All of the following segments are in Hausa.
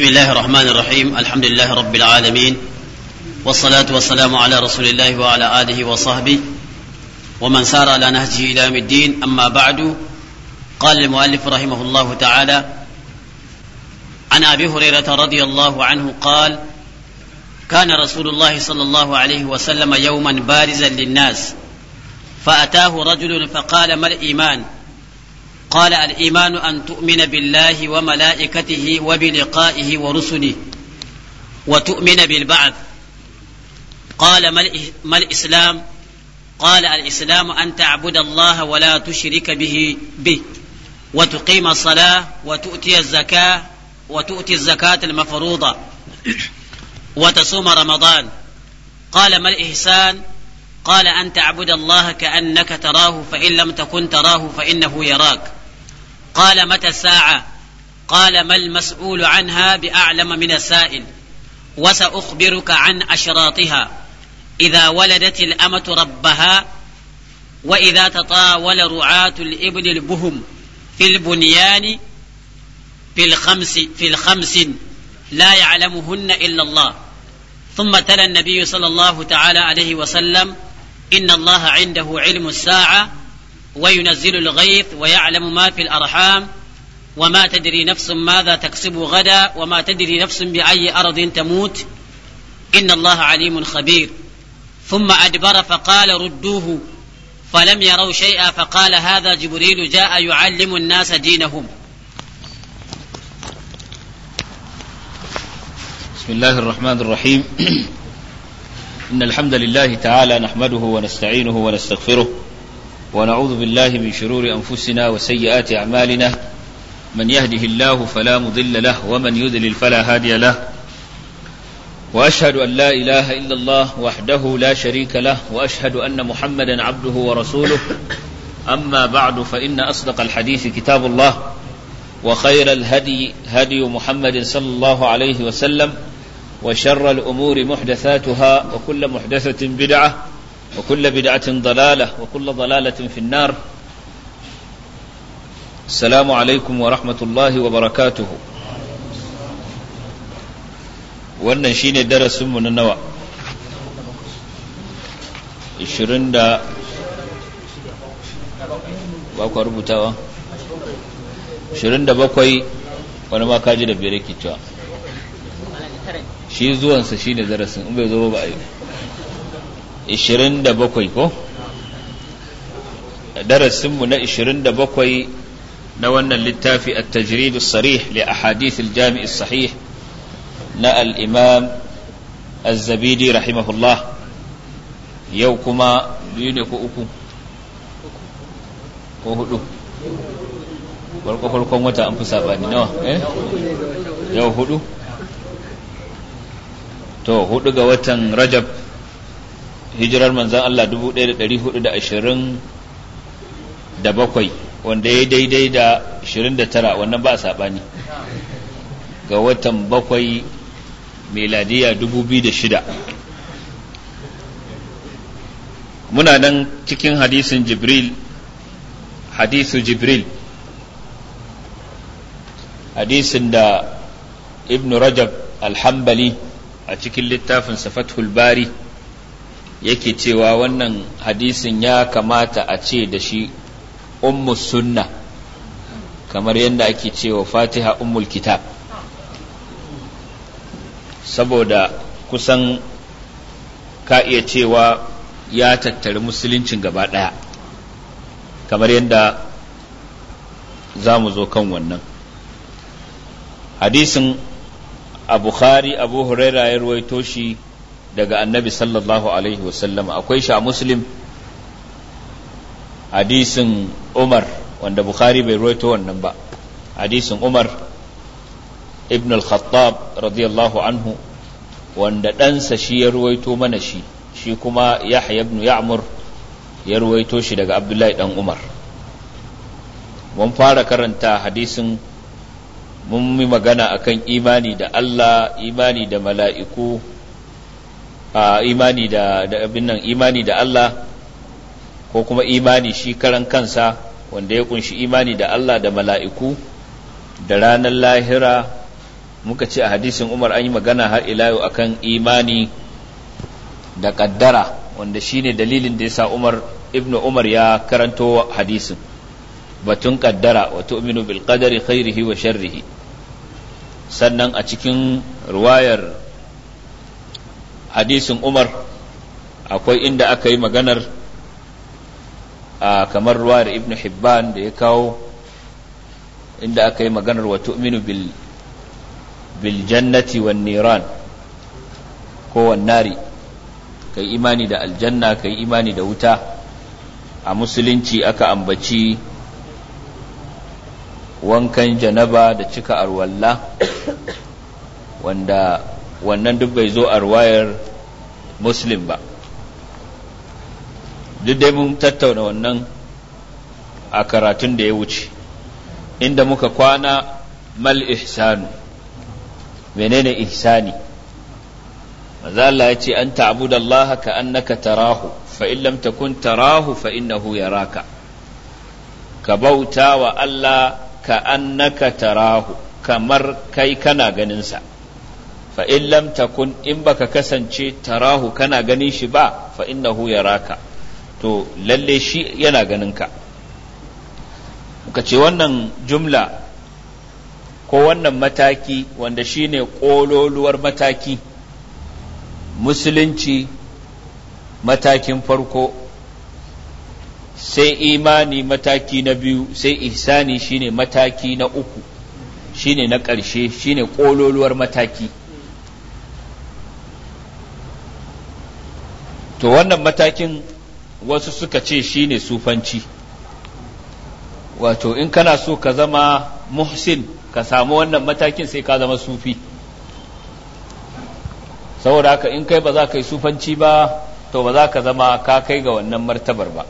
بسم الله الرحمن الرحيم الحمد لله رب العالمين والصلاة والسلام على رسول الله وعلى آله وصحبه ومن سار على نهجه إلى يوم الدين أما بعد قال المؤلف رحمه الله تعالى عن أبي هريرة رضي الله عنه قال كان رسول الله صلى الله عليه وسلم يوما بارزا للناس فأتاه رجل فقال ما الإيمان؟ قال الايمان ان تؤمن بالله وملائكته وبلقائه ورسله وتؤمن بالبعث قال ما الاسلام قال الاسلام ان تعبد الله ولا تشرك به به وتقيم الصلاه وتؤتي الزكاه وتؤتي الزكاه المفروضه وتصوم رمضان قال ما الاحسان قال أن تعبد الله كأنك تراه فإن لم تكن تراه فإنه يراك قال متى الساعة قال ما المسؤول عنها بأعلم من السائل وسأخبرك عن أشراطها إذا ولدت الأمة ربها وإذا تطاول رعاة الإبل البهم في البنيان في الخمس في الخمس لا يعلمهن إلا الله ثم تلا النبي صلى الله تعالى عليه وسلم إن الله عنده علم الساعة وينزل الغيث ويعلم ما في الأرحام وما تدري نفس ماذا تكسب غدا وما تدري نفس بأي أرض تموت إن الله عليم خبير ثم أدبر فقال ردوه فلم يروا شيئا فقال هذا جبريل جاء يعلم الناس دينهم بسم الله الرحمن الرحيم إن الحمد لله تعالى نحمده ونستعينه ونستغفره ونعوذ بالله من شرور أنفسنا وسيئات أعمالنا من يهده الله فلا مضل له ومن يذلل فلا هادي له وأشهد أن لا إله إلا الله وحده لا شريك له وأشهد أن محمدا عبده ورسوله أما بعد فإن أصدق الحديث كتاب الله وخير الهدي هدي محمد صلى الله عليه وسلم وشر الأمور محدثاتها وكل محدثة بدعة وكل بدعة ضلالة وكل ضلالة في النار السلام عليكم ورحمة الله وبركاته wannan shi ne darasinmu na nawa 20 da bakwa rubutawa 27 wani ma kaji da bere ke cewa shi zuwansa shi ne darasin in bai zo ba a yi 27 ko darasinmu na 27 na wannan littafi a tajrid sarih li ahadith al-jami' sahih na al Azabidi az rahimahullah yau kuma biyu ne ko uku ko hudu farko farkon wata an fi sabani nawa eh? yau hudu to hudu ga watan rajab hijirar manzan Allah 1427 wanda ya daidai da 29 wannan ba a saɓani ga watan bakwai meladiya 2006 muna nan cikin hadisin jibril hadisu jibril hadisin da ibn rajab alhambali a cikin littafin safat bari yake cewa wannan hadisin ya kamata a ce da shi ummu sunna kamar yadda ake cewa fatiha ummul kitab saboda kusan ka iya cewa ya tattari musuluncin gaba ɗaya kamar yadda za mu zo kan wannan hadisin a bukhari abu huraira ya ruwaito shi daga annabi sallallahu alaihi wasallam akwai sha muslim hadisin umar wanda bukhari bai ruwaito wannan ba hadisin umar ibn al-khattab radiyallahu anhu wanda ɗansa shi ya ruwaito mana shi shi kuma yahya ibn ya'mur ya ruwaito shi daga abdullahi dan umar mun fara karanta hadisin mun yi magana akan imani da allah imani da mala'iku imani da abin nan imani da Allah ko kuma imani shi karan kansa wanda ya kunshi imani da Allah da mala'iku da ranar lahira muka ce a hadisin Umar an yi magana har a akan imani da kaddara wanda shine dalilin da ya sa Umar ibnu Umar ya karanto hadisin batun kaddara wato bilkadari bil qadari khairihi wa sharrihi sannan a cikin ruwayar hadisin umar akwai inda aka yi maganar a kamar ruwa da ibn hibban da ya kawo inda aka yi maganar wa tu'minu bil bil jannati wan niran ko wan nari kai imani da aljanna kai imani da wuta a musulunci aka ambaci wankan janaba da cika arwalla wanda wannan duk bai zo a ruwayar muslim ba duk dai mun tattauna wannan a karatun da ya wuce inda muka kwana mal ihsanu menene ihsani maza Allah ya ce an ta'budu Allah ka annaka tarahu fa in lam takun tarahu fa innahu yaraka ka bauta wa Allah ka annaka tarahu kamar kai kana ganinsa fa in lam takun in baka kasance tarahu kana ganin shi ba fa innahu yaraka to lalle shi yana ganin ka muka ce wannan jumla ko wannan mataki wanda shine ƙololuwar mataki musulunci matakin farko sai imani mataki na biyu sai ihsani shine mataki na uku shine na ƙarshe shine ƙololuwar mataki to wannan matakin wasu suka ce shi ne sufanci wato in kana so ka zama muhsin ka samu wannan matakin sai ka zama sufi saboda haka in kai ba za ka yi sufanci ba to ba za ka zama ka kai ga wannan martabar ba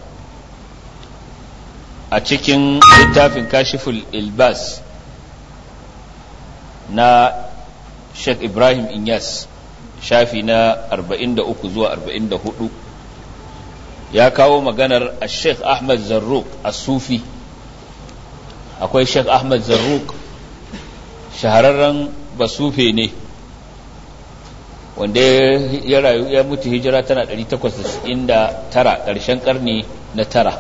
a cikin littafin kashiful ilbas na sheikh ibrahim inyas shafi na 43 zuwa 44 ya kawo maganar sheikh ahmad zarruq a sufi akwai sheikh ahmad zarruq shahararren basufe ne wanda ya rayu ya mutu hijira tana 899 ƙarshen ƙarni na tara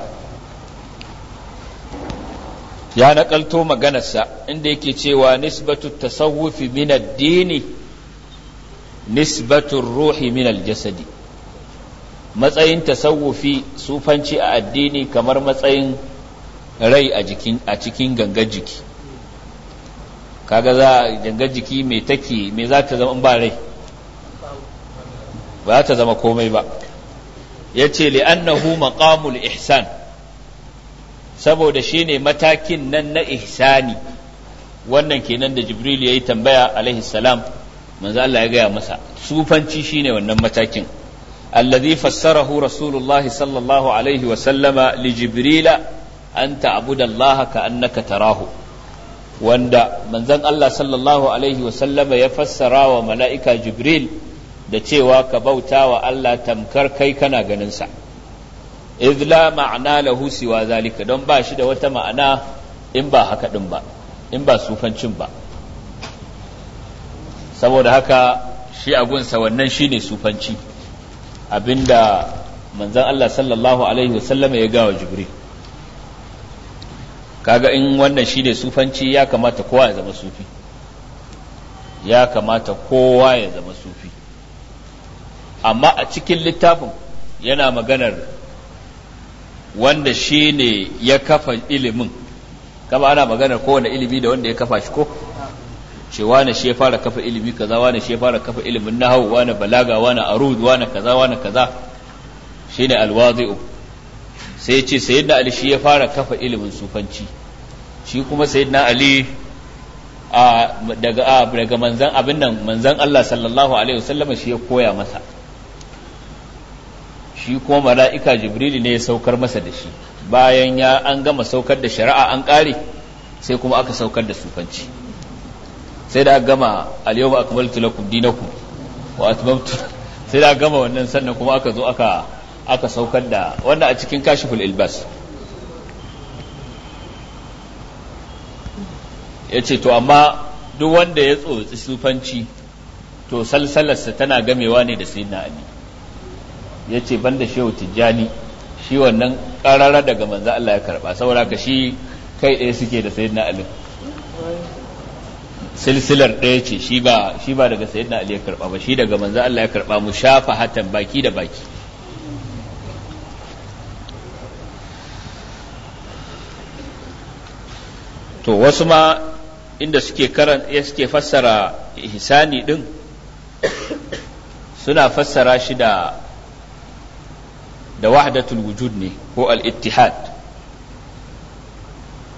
ya naƙalto maganarsa inda yake cewa nisbatu tasawufi min addini nisbatun ruhi min aljasadi matsayin tasawufi sufanci a addini kamar matsayin rai a cikin gangar jiki kaga za gangar jiki mai take mai za ta zama ba rai ba ta zama komai ba ya ce li'annahu maqamul ihsan saboda shine matakin nan na ihsani wannan kenan da jibril ya yi tambaya alaihi salam manzo Allah ya gaya masa sufanci shine wannan matakin alladhi fassarahu rasulullah sallallahu alaihi wa sallama li jibrila an ta'budu Allah ka annaka tarahu wanda manzon Allah sallallahu alaihi wa sallama ya fassara wa mala'ika jibril da cewa ka bauta wa Allah tamkar kai kana ganin sa idh la ma'ana lahu siwa zalika don ba shi da wata ma'ana in ba haka din ba in ba sufancin ba saboda haka shi a gunsa wannan shine sufanci abinda manzan Allah sallallahu alaihi wasallama ya gawa jibri kaga in wannan shine sufanci ya kamata kowa ya zama sufi ya kamata kowa ya zama sufi amma a cikin littafin yana maganar wanda shi ne ya kafa ilimin kama ana maganar kowane ilimi da wanda ya kafa shi ko ce wane shi ya fara kafa ilimi kaza wane shi ya fara kafa ilimin nahawu wane balaga wane arud wane kaza wane kaza shine alwazi'u sai ya ce sayyidina ali shi ya fara kafa ilimin sufanci shi kuma sayyidina ali a daga daga manzan abin nan manzan Allah sallallahu alaihi wasallam shi ya koya masa shi kuma mala'ika jibril ne ya saukar masa da shi bayan ya an gama saukar da shari'a an kare sai kuma aka saukar da sufanci sai da gama al aka akmaltu lakum dinakum wa atmamtu sai da gama wannan sannan kuma aka zo aka aka saukar da wanda a cikin kashiful ilbas yace to amma duk wanda ya tsotsi sufanci to salsalarsa tana gamewa ne da sayyidina ali yace banda shehu tijjani shi wannan karara daga manzo Allah ya karba saboda ka shi kai ɗaya suke da sayyidina ali silsilar ɗaya ce shi ba shi ba daga sayyidina ali ya karɓa ba shi daga manzo Allah ya karɓa mu shafa hatan baki da baki to wasu ma inda suke karan suke fassara ihsani ɗin suna fassara shi da da wahdatul wujud ne ko al-ittihad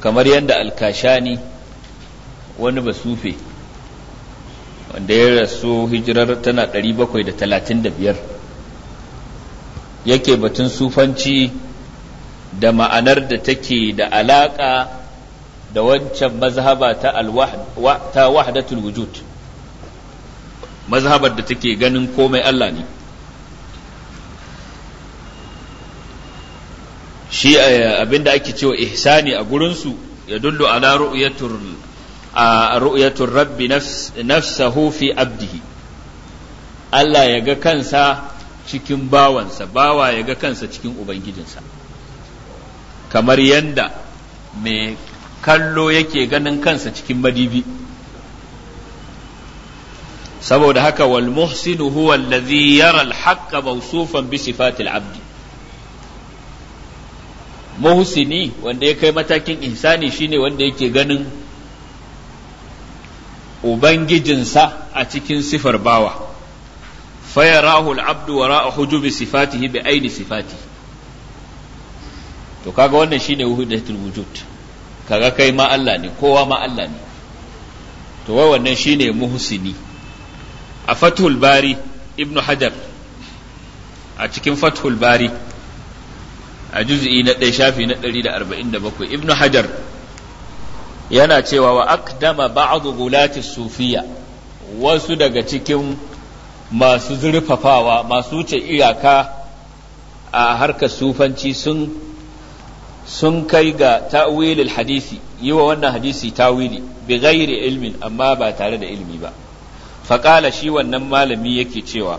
kamar yadda al-kashani wani basufe wanda ya rasu hijirar tana 735 yake batun sufanci da ma'anar da take da alaƙa da wancan mazhaba ta ta wahdatul wujud mazhabar da take ganin komai Allah ne shi eh, abinda ake cewa ihsani a gurinsu ya dullu ala ru'yatul a ru'yatul rabbi nafsahu fi abdihi Allah ya ga kansa cikin bawansa bawa ya ga kansa cikin ubangijinsa kamar yadda mai kallo yake ganin kansa cikin madibi saboda haka wal muhsinu huwa allazi yara al-haqqa mawsufan bi sifatil abdi muhsini wanda ya kai matakin ihsani shine wanda yake ganin ubangijinsa a cikin sifar bawa Faya Rahul abdu wara hujubi sifatihi bi aini sifati to kaga wannan shine wahdatul wujud kaga kai ma Allah ne kowa ma Allah ne to wai wannan shine Muhusini. a fathul bari ibnu hajar a cikin fathul bari a juz'i na ɗaya shafi na bakwai. Ibn hajar yana cewa wa akdama ba'du gulati sufiya wasu daga cikin masu zurfafawa masu wuce iyaka a harkar sufanci sun kai ga ta'wilil hadisi yi wa wannan hadisi tawili bi ghairi ilmin amma ba tare da ilmi ba faƙala shi wannan malami yake cewa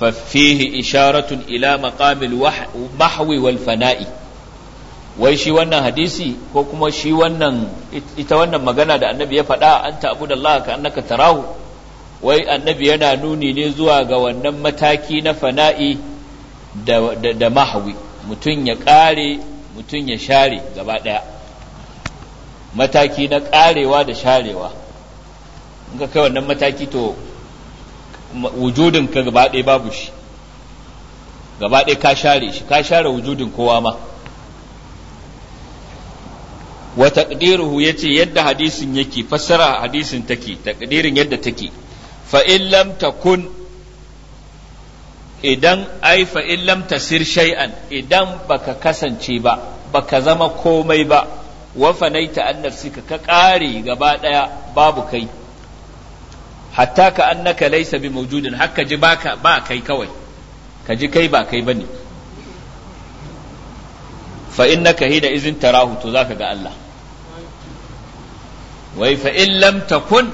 fafihi isharatun ila مقام المحو fana'i. wai shi wannan hadisi ko kuma shi wannan ita wannan magana da annabi ya faɗa an da Allah ka annaka tarahu wai annabi yana nuni ne zuwa ga wannan mataki na fana'i da, da, da mutum ya ƙare mutum ya share gaba ɗaya mataki na ƙarewa da sharewa in ka kai wannan mataki to wujudinka gaba ɗaya babu shi gaba ɗaya ka share shi ka share wujudin kowa ma wa taqdiruhu yace yadda hadisin yake fassara hadisin take taqdirin yadda take fa in lam takun idan ai fa in lam tasir shay'an idan baka kasance ba baka zama komai ba wa fanaita an ka kare gaba daya babu kai hatta ka annaka laysa bi mawjudin hakka ji baka ba kai kawai ka ji kai ba kai bane fa innaka hida izin tarahu to zaka ga Allah wai fa in lam takun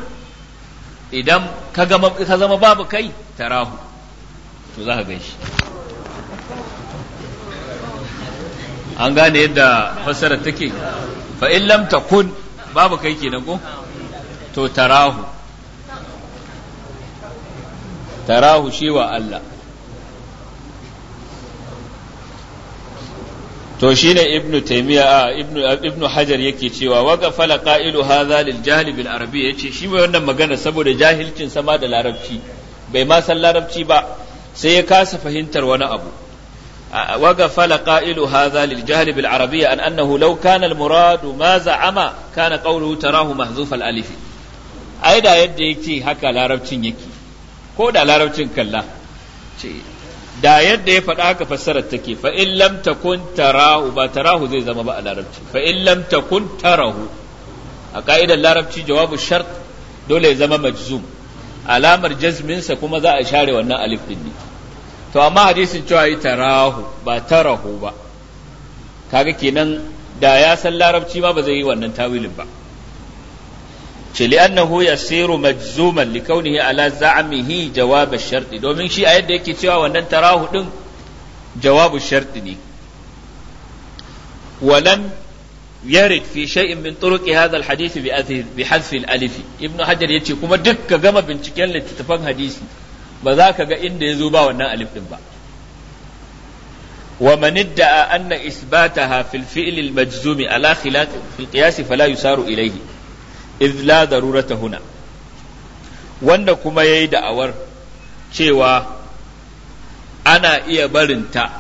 idan ka zama babu kai tarahu to za ka gan shi an gane yadda fassarar take fa in lam takun babu kai kenan ko to tarahu tarahu shi wa Allah to shine ibnu taymiya a ibnu ibnu hajar yake cewa wa gafala qailu hadha lil jahl bil arabi yace shi mai wannan magana saboda jahilcin sama da larabci bai ma san larabci ba sai ya kasa fahimtar wani abu wa gafala qailu hadha lil jahl bil arabi an annahu law kana al murad ma za'ama kana qawluhu tarahu mahzuf al alif ai da yadda yake haka larabcin yake ko da larabcin kalla ce da yadda ya faɗa ka fassarar take fa in lam takun tarahu ba tarahu zai zama ba a larabci fa in lam takun tarahu a ka'idar larabci jawabu shart dole ya zama majzum alamar jazminsa kuma za a share wannan alif din ne to amma hadisin cewa yi tarahu ba tarahu ba kaga kenan da ya san larabci ma ba zai yi wannan tawilin ba ce li'annahu yasiru majzuman li kaunihi ala za'mihi jawab ash-shart domin shi a yadda yake cewa wannan tarahu din jawabu shart ne walam yarid fi shay'in min turuqi hadha al-hadith bi bi hadf al-alif ibn hajar yace kuma duk ka gama binciken littattafan hadisi ba za ka ga inda yazo ba wannan alif din ba ومن ادعى أن إثباتها في الفعل المجزوم على خلاف في القياس فلا يسار إليه izla la ta huna wanda kuma yayi da'awar cewa ana iya barinta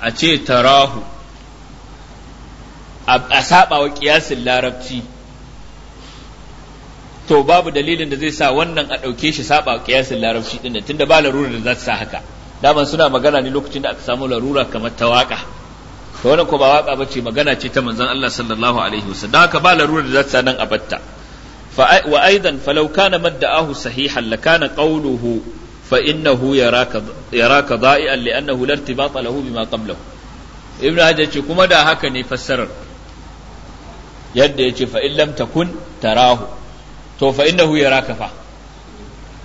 a ce tarahu a saba wa kiyasin larabci to babu dalilin da zai sa wannan a ɗauke shi saba kiyasin larabci din tunda ba larura da za ta sa haka daman suna magana ne lokacin da aka samu larura kamar ta waƙa. to wannan ko ba waka bace magana ce ta manzon Allah sallallahu alaihi wasallam haka ba larurar da zata nan abatta fa wa aidan falau kana madda'ahu sahihan lakana qawluhu fa innahu yaraka yaraka da'ian li'annahu la irtibata lahu bima qablahu ibnu hajar ce kuma da haka ne fassarar yadda yace fa in lam takun tarahu to fa innahu yaraka fa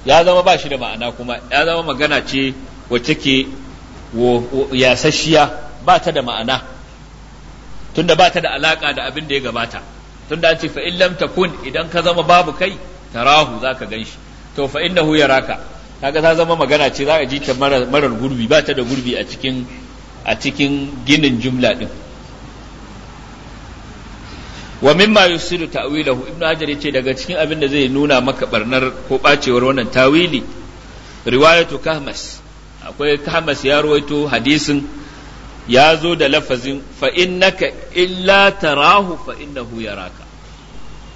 ya zama ba shi da ma'ana kuma ya zama magana ce wacce ke yasashiya ba ta da ma'ana tunda ba ta da alaka da abin da ya gabata tunda an ce fa in lam takun idan ka zama babu kai tarahu zaka ganshi to fa innahu yaraka kaga ta zama magana ce za a ji ta marar gurbi ba ta da gurbi a cikin a cikin ginin jumla din wa mimma yusiru ta'wilahu ibnu hajar yace daga cikin abin da zai nuna maka barnar ko bacewar wannan tawili riwayatu kahmas akwai kahmas ya ruwaito hadisin ya zo da lafazin fa innaka illa tarahu fa innahu yaraka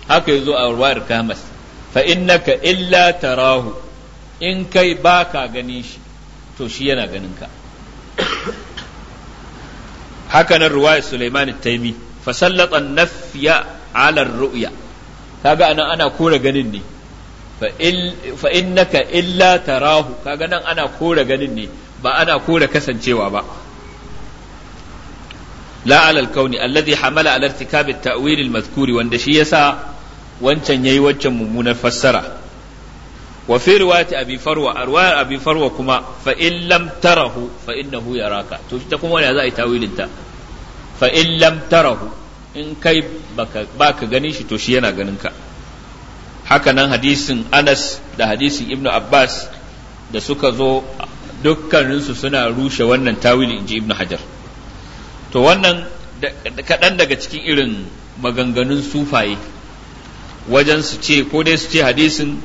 haka yazo a ruwayar kamas fa innaka illa tarahu in kai baka gani shi to shi yana ganin ka haka nan ruwayar Sulaiman taimi fa sallata nafiya ala ru'ya kaga anan ana kore ganin ne fa innaka illa tarahu kaga nan ana kore ganin ne ba ana kore kasancewa ba la alal kauni alladhi hamala ala irtikabi at-ta'wil al-madhkuri wanda shi yasa wancan yayi wancan mummunar fassara wa fi riwayati abi farwa arwayar abi farwa kuma fa in lam tarahu fa innahu yaraka to ita kuma wanda za a yi tawilin fa in lam tarahu in kai baka baka ganin shi to shi yana ganin ka haka nan hadisin Anas da hadisin Ibn Abbas da suka zo dukkaninsu suna rushe wannan tawili inji Ibn Hajar to wannan kaɗan daga cikin irin maganganun sufaye wajen su ce ko dai su ce hadisin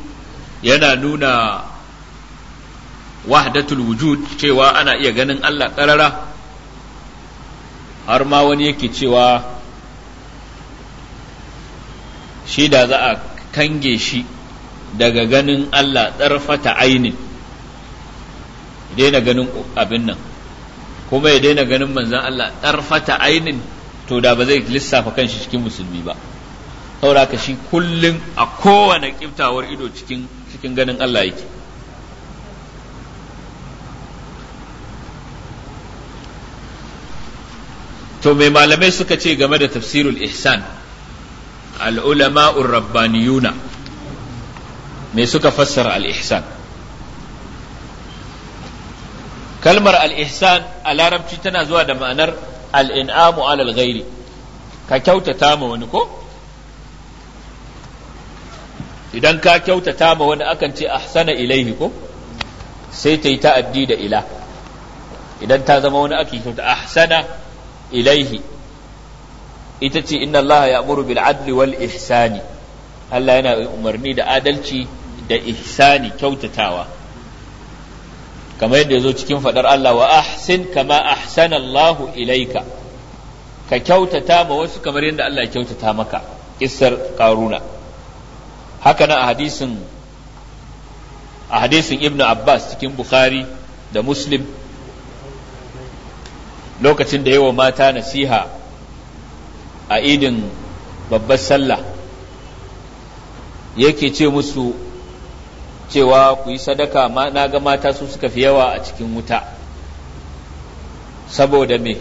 yana nuna wahdatul wujud cewa ana iya ganin Allah ƙarara har ma wani yake cewa shi da za a kange shi daga ganin Allah tsarfata ainin daina ganin abin nan kuma ya daina ganin manzan Allah tarfata ainin to da ba zai lissafa kanshi cikin musulmi ba saura ka shi kullum a kowane ƙiftawar ido cikin ganin Allah yake to mai malamai suka ce game da tafsirul ihsan al ulama'ur rabbaniyuna me suka fassara al ihsan kalmar al-ihsan a larabci tana zuwa da ma'anar al-in'amu alal ghairi ka kyautata ma wani ko idan ka kyautata ma wani akan ce ahsana ilaihi ko sai ta yi ta'addi da ila idan ta zama wani ake kyauta ahsana ilaihi ita ce inna Allah ya amuru bil adli wal ihsani Allah yana umarni da adalci da ihsani kyautatawa kamar yadda ya zo cikin faɗar Allah wa ahsin kama ahsana Allahu ilaika ka kyautata ma wasu kamar yadda Allah ya kyautata maka kissar karuna haka na a hadisin a hadisin Ibn Abbas cikin Bukhari da Muslim lokacin da yawa mata nasiha a idin babbar sallah yake ce musu cewa ku yi sadaka na ga mata su suka fi yawa a cikin wuta saboda me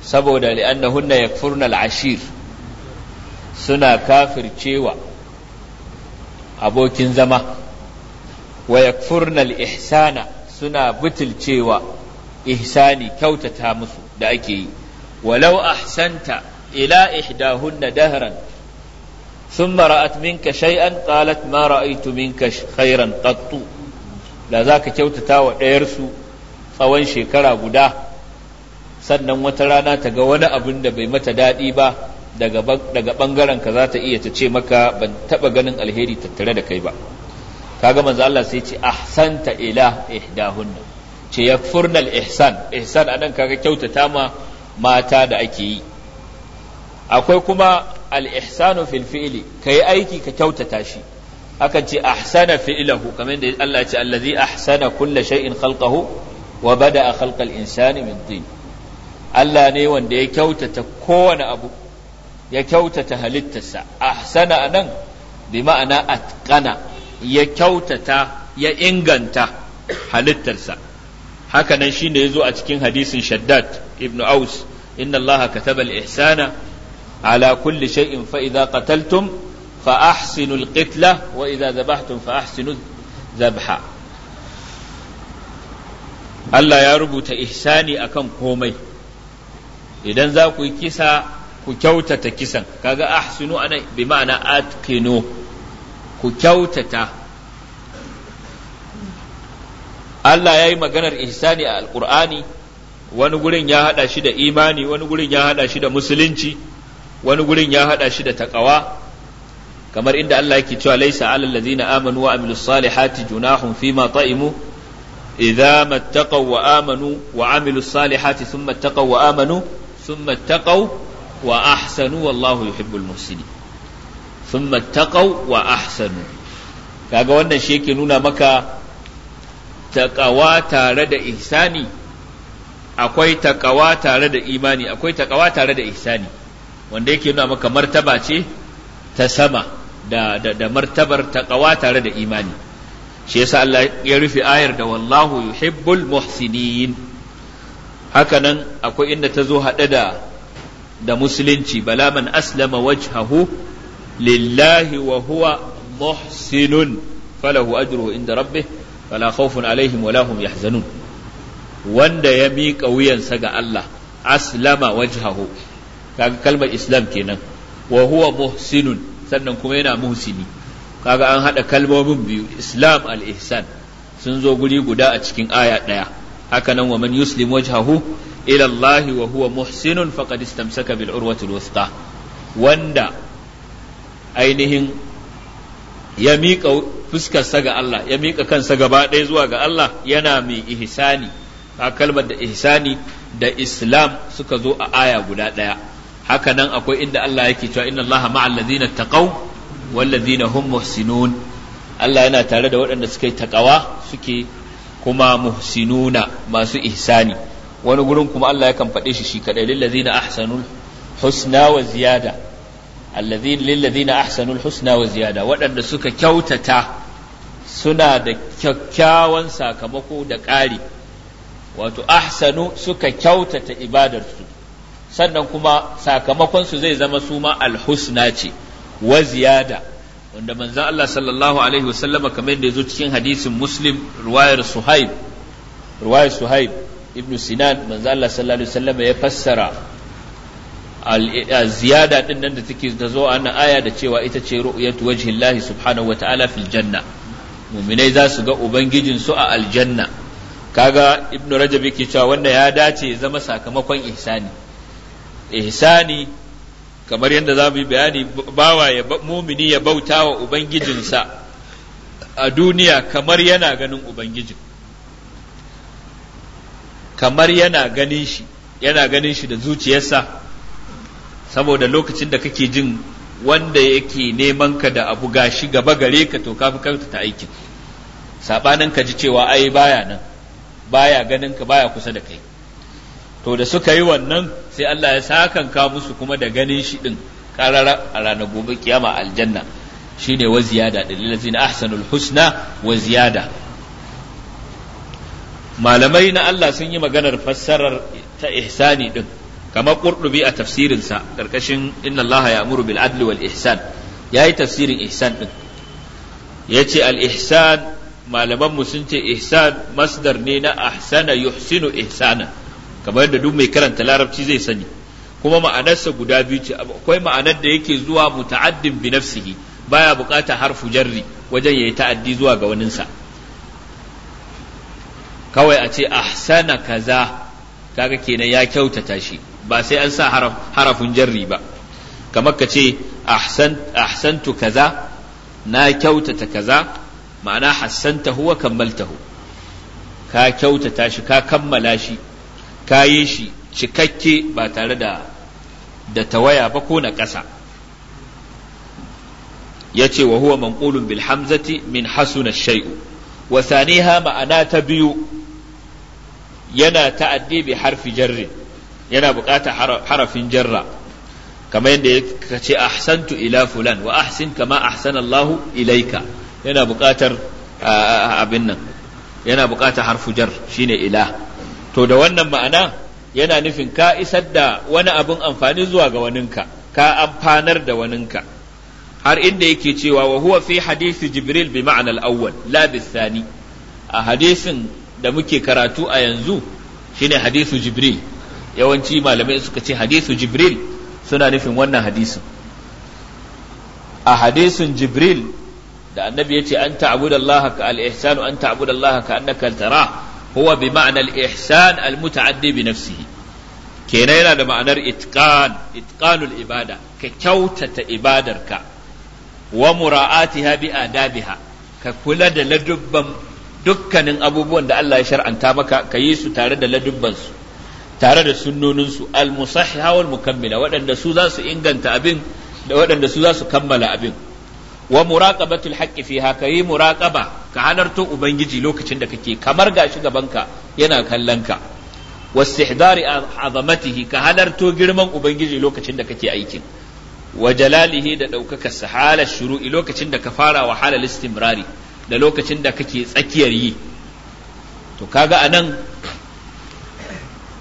saboda li'annahunna yakfurna al'ashir suna cewa abokin zama wa yakfurna al'ihsana suna cewa ihsani kyautata musu da ake yi walau ahsanta ila ihdahunna dahran ثم رأت منك شيئا قالت ما رأيت منك خيرا قط لا ذاك كيوتتا وإيرسو tsawon shekara guda sannan wata rana ta ga wani abin da bai mata daɗi ba daga ɓangaren ka za ta iya ta ce maka ban taɓa ganin alheri tattare da kai ba kaga manzo Allah sai ce ahsanta ila ihdahunna ce yakfurnal ihsan ihsan anan kaga kyautata ma mata da ake yi akwai kuma al-ihsanu fil fi'li kai aiki ka kyautata shi akan ce ahsana fi'lahu kamar da Allah ya ce allazi ahsana kulli shay'in khalqahu wa bada'a khalqal insani min tin Allah ne wanda ya kyautata kowane abu ya kyautata halittarsa ahsana anan bi ma'ana atqana ya kyautata ya inganta halittarsa haka nan shine yazo a cikin hadisin shaddad ibnu aus inna allaha kataba al-ihsana ala kulli shay'in fa idza qataltum fa ahsinu al-qitla wa idza zabahtum fa ahsinu zabha Allah ya rubuta ihsani akan komai idan za ku yi kisa ku kyautata kisan kaga ahsinu anan bi ma'ana atqinu ku kyautata Allah ya yi maganar ihsani a alkur'ani wani gurin ya haɗa shi da imani wani gurin ya haɗa shi da musulunci wani gurin ya hada shi da taqawa kamar inda Allah yake cewa laisa alal ladina amanu wa amilus salihati junahum ma ta'imu idza mattaqaw wa amanu wa amilus salihati thumma ittaqaw wa amanu thumma ittaqaw wa ahsanu wallahu yuhibbul muhsinin thumma ittaqaw wa ahsanu kaga wannan shi yake nuna maka taqawa tare da ihsani akwai taqawa tare da imani akwai taqawa tare da ihsani wanda yake nuna maka martaba ce ta sama da, da, da martabar tare da imani shi yasa Allah ya rufe ayar da wallahu yuhibbul muhsinin hakanan akwai inda ta zo haɗe da da musulunci bala man aslama wajhahu lillahi wa huwa muhsinun falahu ajruhu inda rabbih fala khawfun alaihim wala hum yahzanun wanda ya miƙa wuyansa ga Allah aslama wajhahu kaga kalmar islam kenan wa huwa muhsinun sannan kuma yana muhsini kaga an hada kalmomin biyu islam al ihsan sun zo guri guda a cikin aya daya haka nan wa man yuslim wajhahu ila Allah wa huwa muhsinun faqad istamsaka bil urwati wanda ainihin ya miƙa fuskarsa ga Allah ya miƙa kansa gaba ɗaya zuwa ga Allah yana mai ihsani a kalmar da ihsani da islam suka zo a aya guda ɗaya haka nan akwai inda Allah yake cewa inna Allaha ma'al ladzina taqaw wal ladzina hum muhsinun Allah yana tare da waɗanda suka yi taqawa suke kuma muhsinuna masu ihsani wani gurin kuma Allah yakan faɗe shi shi kadai lil ladzina ahsanul husna wa ziyada lil ahsanul husna wa ziyada waɗanda suka kyautata suna da kyakkyawan sakamako da ƙari wato ahsanu suka kyautata ibadarsu sannan kuma sakamakonsu zai zama su ma alhusna ce wa ziyada wanda manzan Allah sallallahu alaihi wasallama kamar ya zo cikin hadisin Muslim riwayar Suhaib riwayar Suhaib ibn Sinan manzan Allah sallallahu alaihi wasallama ya fassara ziyada din nan da take da zo ana aya da cewa ita ce ru'yatu wajhi Allah subhanahu wa ta'ala fil janna mu'minai za su ga ubangijin su a aljanna kaga ibnu rajab yake cewa wanda ya dace zama sakamakon ihsani ihsani kamar yadda za mu yi bayani bawa ya mumini ya bauta wa ubangijinsa a duniya kamar yana ganin ubangijin kamar yana ganin shi yana ganin shi da zuciyarsa saboda lokacin da kake jin wanda yake neman ka da abu gashi gaba gare ka to kafi karta ta aikin sabanin ka ji cewa ai baya nan baya ganin ka baya kusa da kai to da suka yi wannan sai Allah ya sakanka musu kuma da ganin shi din karara a ranar gobe kiyama aljanna shine wa ziyada lillazina ahsanul husna wa ziyada malamai na Allah sun yi maganar fassarar ta ihsani din kamar qurtubi a tafsirinsa karkashin inna Allah ya'muru bil adli wal ihsan yayi tafsirin ihsan din yace al ihsan malaman mu sun ce ihsan masdar ne na ahsana yuhsinu ihsanan. kamar yadda duk mai karanta larabci zai sani kuma ma'anarsa guda biyu ce akwai ma'anar da yake zuwa muta'addin bi nafsihi baya bukata harfu jarri wajen yayi ta'addi zuwa ga waninsa kawai a ce ahsana kaza kaga kenan ya kyautata shi ba sai an sa harafin jarri ba kamar ka ce ahsantu kaza na kyautata kaza ma'ana hassanta huwa kammaltahu ka kyautata shi ka kammala shi ka yi shi cikakke ba tare da da tawaya ba ko na ƙasa ya ce wa huwa manqulun bil hamzati min hasuna shay'u wa ma'ana ta biyu yana ta'addi bi harfi jarri yana buƙatar harafin jarra kamar yadda ya ce ahsantu ila fulan wa ahsin kama ahsanallahu ilaika yana buƙatar abin nan yana buƙatar harfu jar shine ila to da wannan ma'ana yana nufin ka isar da wani abin amfani zuwa ga waninka ka amfanar da waninka har inda yake cewa wa huwa fi hadisi jibril bi ma'anar awwal la bisani a hadisin da muke karatu a yanzu shine hadisu jibril yawanci malamai suka ce hadisu jibril suna nufin wannan hadisin a hadisin jibril da annabi ya ce an ta'budallaha ka al-ihsanu an ta'budallaha ka annaka tara huwa bi ma'anar ihsan almuta'addi bi nafsihi kenan yana da ma'anar itqan itqanul ibada ka kyautata ka. wa mura'ati mura'atiha a adabiha ka kula da ladubban dukkanin abubuwan da Allah ya shar'anta maka ka yi su tare da ladubban su tare da sunnonin su al waɗanda su za inganta abin da waɗanda su za kammala abin wa muraqabatul haqqi fiha kayi muraqaba ka halarto ubangiji lokacin da kake kamar gashi gabanka yana kallon ka wastihdari azamatihi ka halarto girman ubangiji lokacin da kake aikin wa jalalihi da daukakar sa shiru'i shuru'i lokacin da ka fara wa halal istimrari da lokacin da kake tsakiyar yi to kaga anan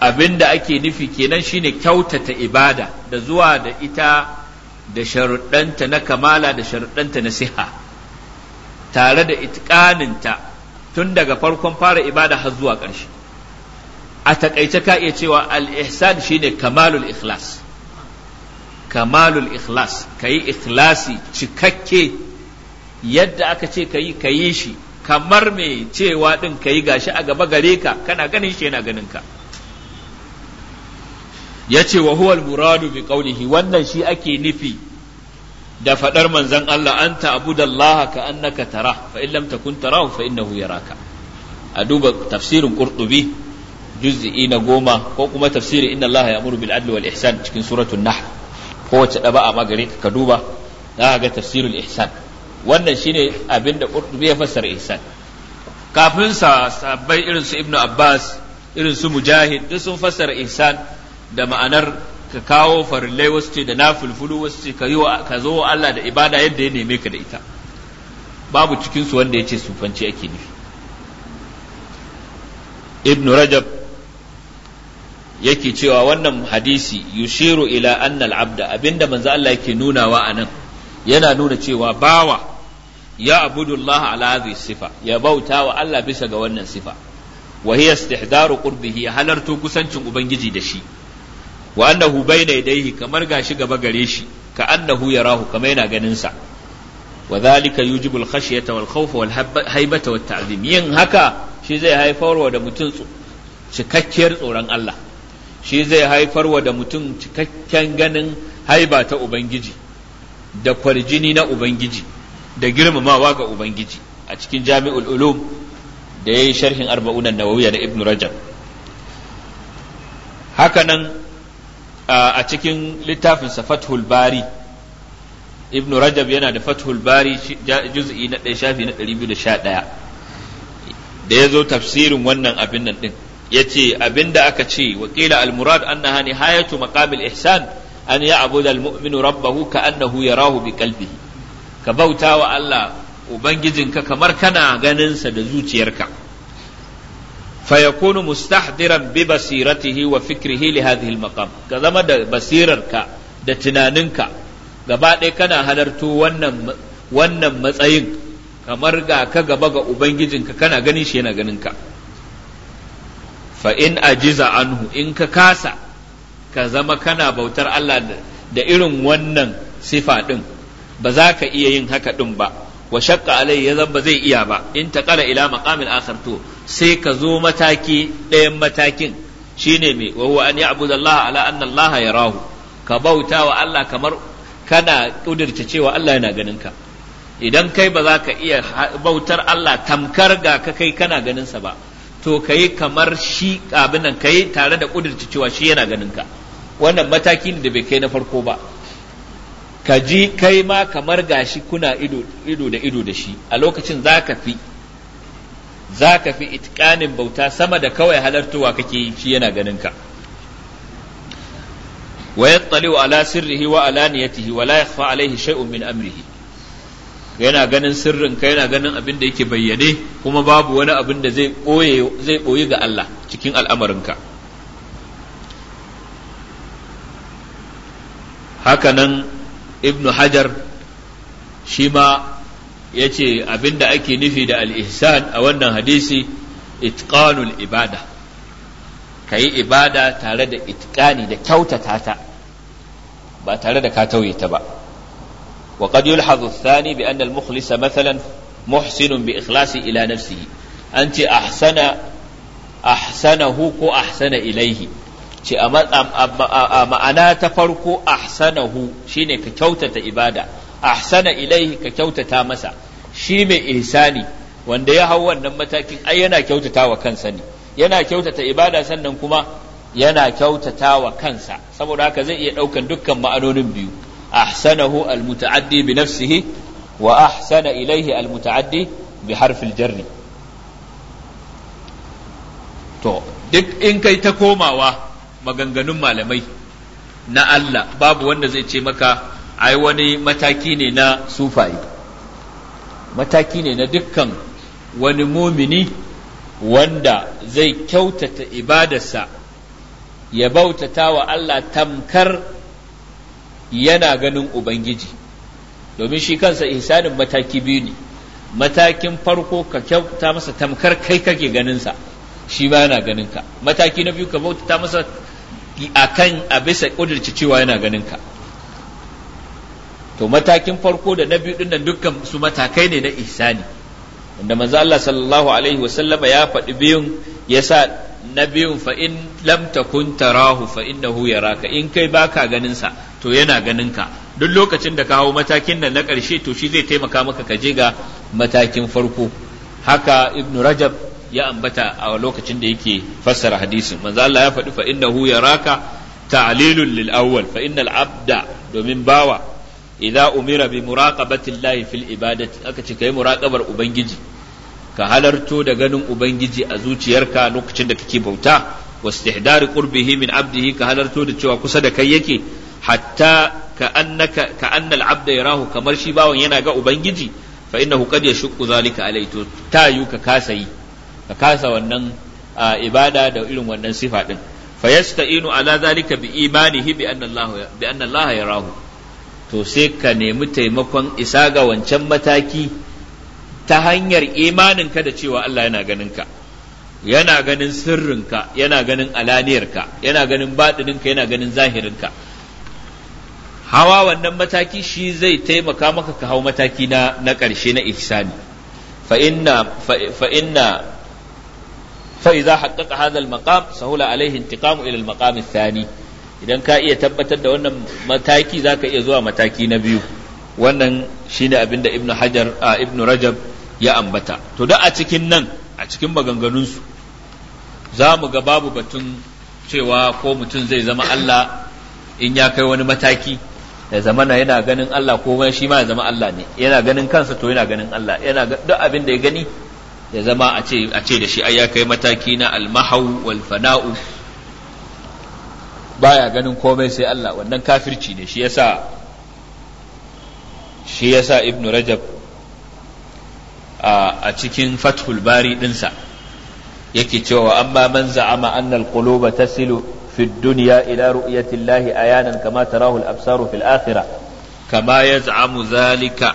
abin da ake nufi kenan shine kyautata ibada da zuwa da ita da sharuɗanta na kamala da sharuɗanta na siha tare da itƙaninta tun daga farkon fara ibada har zuwa ƙarshe a taƙaice ka iya cewa al-ihsan shine kamalul ikhlas kamalul ikhlas kayi ikhlasi cikakke yadda aka ce kayi kayi shi kamar mai cewa ɗin kayi gashi a gaba gare ka kana ganin shi yana ganin ka yace wa huwal muradu bi qawlihi wannan shi ake nufi da fadar manzon Allah anta abudallaha ka annaka tara fa in lam takun tarahu fa innahu yaraka a duba tafsirin qurtubi juz'i na goma ko kuma tafsiri inna Allah ya'muru bil adli wal ihsan cikin suratul nahl kowace daba ma gare ka duba za ga tafsirul ihsan wannan shine abin da qurtubi ya fassara ihsan kafin sa sabbai irin su ibnu abbas irin su mujahid duk sun fassara ihsan da ma'anar ka kawo farillai wasu ce da na fulfulu wasu ce ka zo wa Allah da ibada yadda ya neme ka da ita babu cikinsu wanda ya ce sufanci ake nufi ibn rajab yake cewa wannan hadisi yushiru ila annal abda abinda manzo Allah yake nunawa a nan yana nuna cewa bawa ya abudullah ala hadhihi sifa ya bauta wa Allah bisa ga wannan sifa wa hiya istihdaru qurbihi halarto kusancin ubangiji da shi wa annahu bayna yadayhi kamar gashi gaba gare shi ka annahu yarahu kamar yana ganin sa wa dhalika yujibu al-khashyata wal khawfa wal haibata wat ta'zim yin haka shi zai haifar wa da mutum cikakkiyar tsoron Allah shi zai haifar wa da mutum cikakken ganin haiba ta ubangiji da kwarjini na ubangiji da girmamawa ga ubangiji a cikin jami'ul ulum da yayi sharhin arba'unan nawawiya da ibnu rajab haka nan. a cikin littafin fathul bari ibn rajab yana da fathul bari juz'i na ɗaya shafi na biyu da ya zo tafsirin wannan abin nan Ya yace abinda aka ce Wakila qila al murad hayatu nihayatu maqamil ihsan an ya'budu al mu'minu rabbahu annahu yarahu bi kalbi. ka bautawa Allah ubangijinka kamar kana ganin sa da zuciyarka fayakunu mustahdiran bi basiratihi wa fikrihi li hadhihi al-maqam ka zama da basirarka da tunaninka gaba ɗaya kana halarto wannan wannan matsayin kamar ga ka gaba ga ubangijinka kana ganin shi yana ganin ka fa in ajiza anhu in ka kasa ka zama kana bautar Allah da irin wannan sifa ɗin ba za ka iya yin haka ɗin ba wa shakka alai ya zamba zai iya ba in ta kala ila maqamil akhar sai ka zo mataki ɗayan matakin shine me wa an ya'budu Allah ala anna yarahu ka bauta wa Allah kamar kana kudirce cewa Allah yana ganin ka idan kai ba za ka iya bautar Allah tamkar ga ka kai kana ganinsa ba to kai kamar shi abin nan kai tare da kudirce cewa shi yana ganin ka wannan mataki ne da bai kai na farko ba ka ji kai ma kamar gashi kuna ido da ido da shi a lokacin za ka fi za ka fi itkanin bauta sama da kawai halartowa kake yi shi yana ganin ka wa yattali'u ala sirrihi wa alaniyatihi wa la yakhfa alaihi shay'un min amrihi yana ganin sirrin ka yana ganin abin da yake bayyane kuma babu wani abin da zai boye zai boye ga Allah cikin al'amarinka haka nan Ibnu hajar shima ma ya ce abinda ake nufi da al al'ihsan a wannan hadisi itqanul ibada ka yi ibada tare da itqani da kyautata ta ba tare da ka tauye ta ba wa qad yulhazu thani bi anna al-mukhlisa mathalan muhsinun bi ikhlasi ila nafsihi an ce ahsana ahsanahu ko ahsana ilaihi ce a ma'ana ta farko ahsanahu shine ka kyautata ibada ahsana ilaihi ka kyautata masa shi mai ihsani wanda ya hau wannan matakin ai yana kyautata wa kansa ne yana kyautata ibada sannan kuma yana kyautata wa kansa saboda haka zai iya ɗaukan dukkan ma'anonin biyu ahsanahu almutaaddi bi nafsihi wa ahsana ilaihi almutaaddi bi harfil jarri to duk in kai ta komawa maganganun malamai na Allah babu wanda zai ce maka ai wani mataki ne na sufaye mataki ne na dukkan wani mumini wanda zai kyautata ibadarsa ya bautata wa Allah tamkar yana ganin Ubangiji domin shi kansa ihsanin mataki biyu ne matakin farko ka kyauta masa tamkar kai kake ganinsa shi ba yana ganinka mataki na biyu ka bautata masa a kan a bisa kudurci cewa yana ganin ka to matakin farko da na biyu din nan dukkan su matakai ne na ihsani wanda manzo Allah sallallahu alaihi wasallama ya faɗi biyun yasa na biyun fa in lam takun tarahu fa innahu yaraka in kai baka ganin sa to yana ganin ka duk lokacin da ka hawo matakin nan na ƙarshe to shi zai taimaka maka ka je ga matakin farko haka ibnu rajab ya ambata a lokacin da yake fassara hadisin manzo Allah ya faɗi fa innahu yaraka ta'lilun lil awwal fa innal abda domin bawa idza umira bi muraqabati llahi fil ibadati aka ce kai muraqabar ubangiji ka halarto da ganin ubangiji a zuciyarka lokacin da kake bauta واستحضار قربه من عبده كهلرتو da cewa kusa da kai yake hatta ka annaka ka anna al-abd yarahu kamar shi bawon yana ga ubangiji fa innahu qad yashqu zalika alayhi to tayu ka kasayi ka kasa wannan ibada da irin wannan sifa din fa yasta'inu ala zalika bi imanihi bi anna Allah bi anna Allah yarahu to sai ka nemi taimakon isa ga wancan mataki ta hanyar imanin ka da cewa Allah yana ganin ka yana ganin ka yana ganin ka yana ganin ka yana ganin ka hawa wannan mataki shi zai taimaka maka ka hau mataki na na ƙarshe na ihsani fa inna fa inna fa idza haqqaqa hadha al-maqam sahula alaihi intiqamu ila al-maqam idan ka iya tabbatar da wannan mataki za ka iya zuwa mataki na biyu wannan shine abin da ibnu hajar a ibnu rajab ya ambata to da a cikin nan a cikin maganganun su za mu ga babu batun cewa ko mutum zai zama Allah in ya kai wani mataki ya zama yana ganin Allah ko wani shi ma ya zama Allah ne yana ganin kansa to yana ganin Allah yana duk abin da ya gani ya zama a ce da shi ai ya kai mataki na almahau wal fana'u baya ganin komai sai Allah wannan kafirci ne shi yasa shi yasa ibn rajab a cikin fathul bari dinsa yake cewa amma man za'ama anna alquluba tasilu fi dunya ila ru'yati Allah ayanan kama tarahu al-absaru fil akhirah kama yaz'amu zalika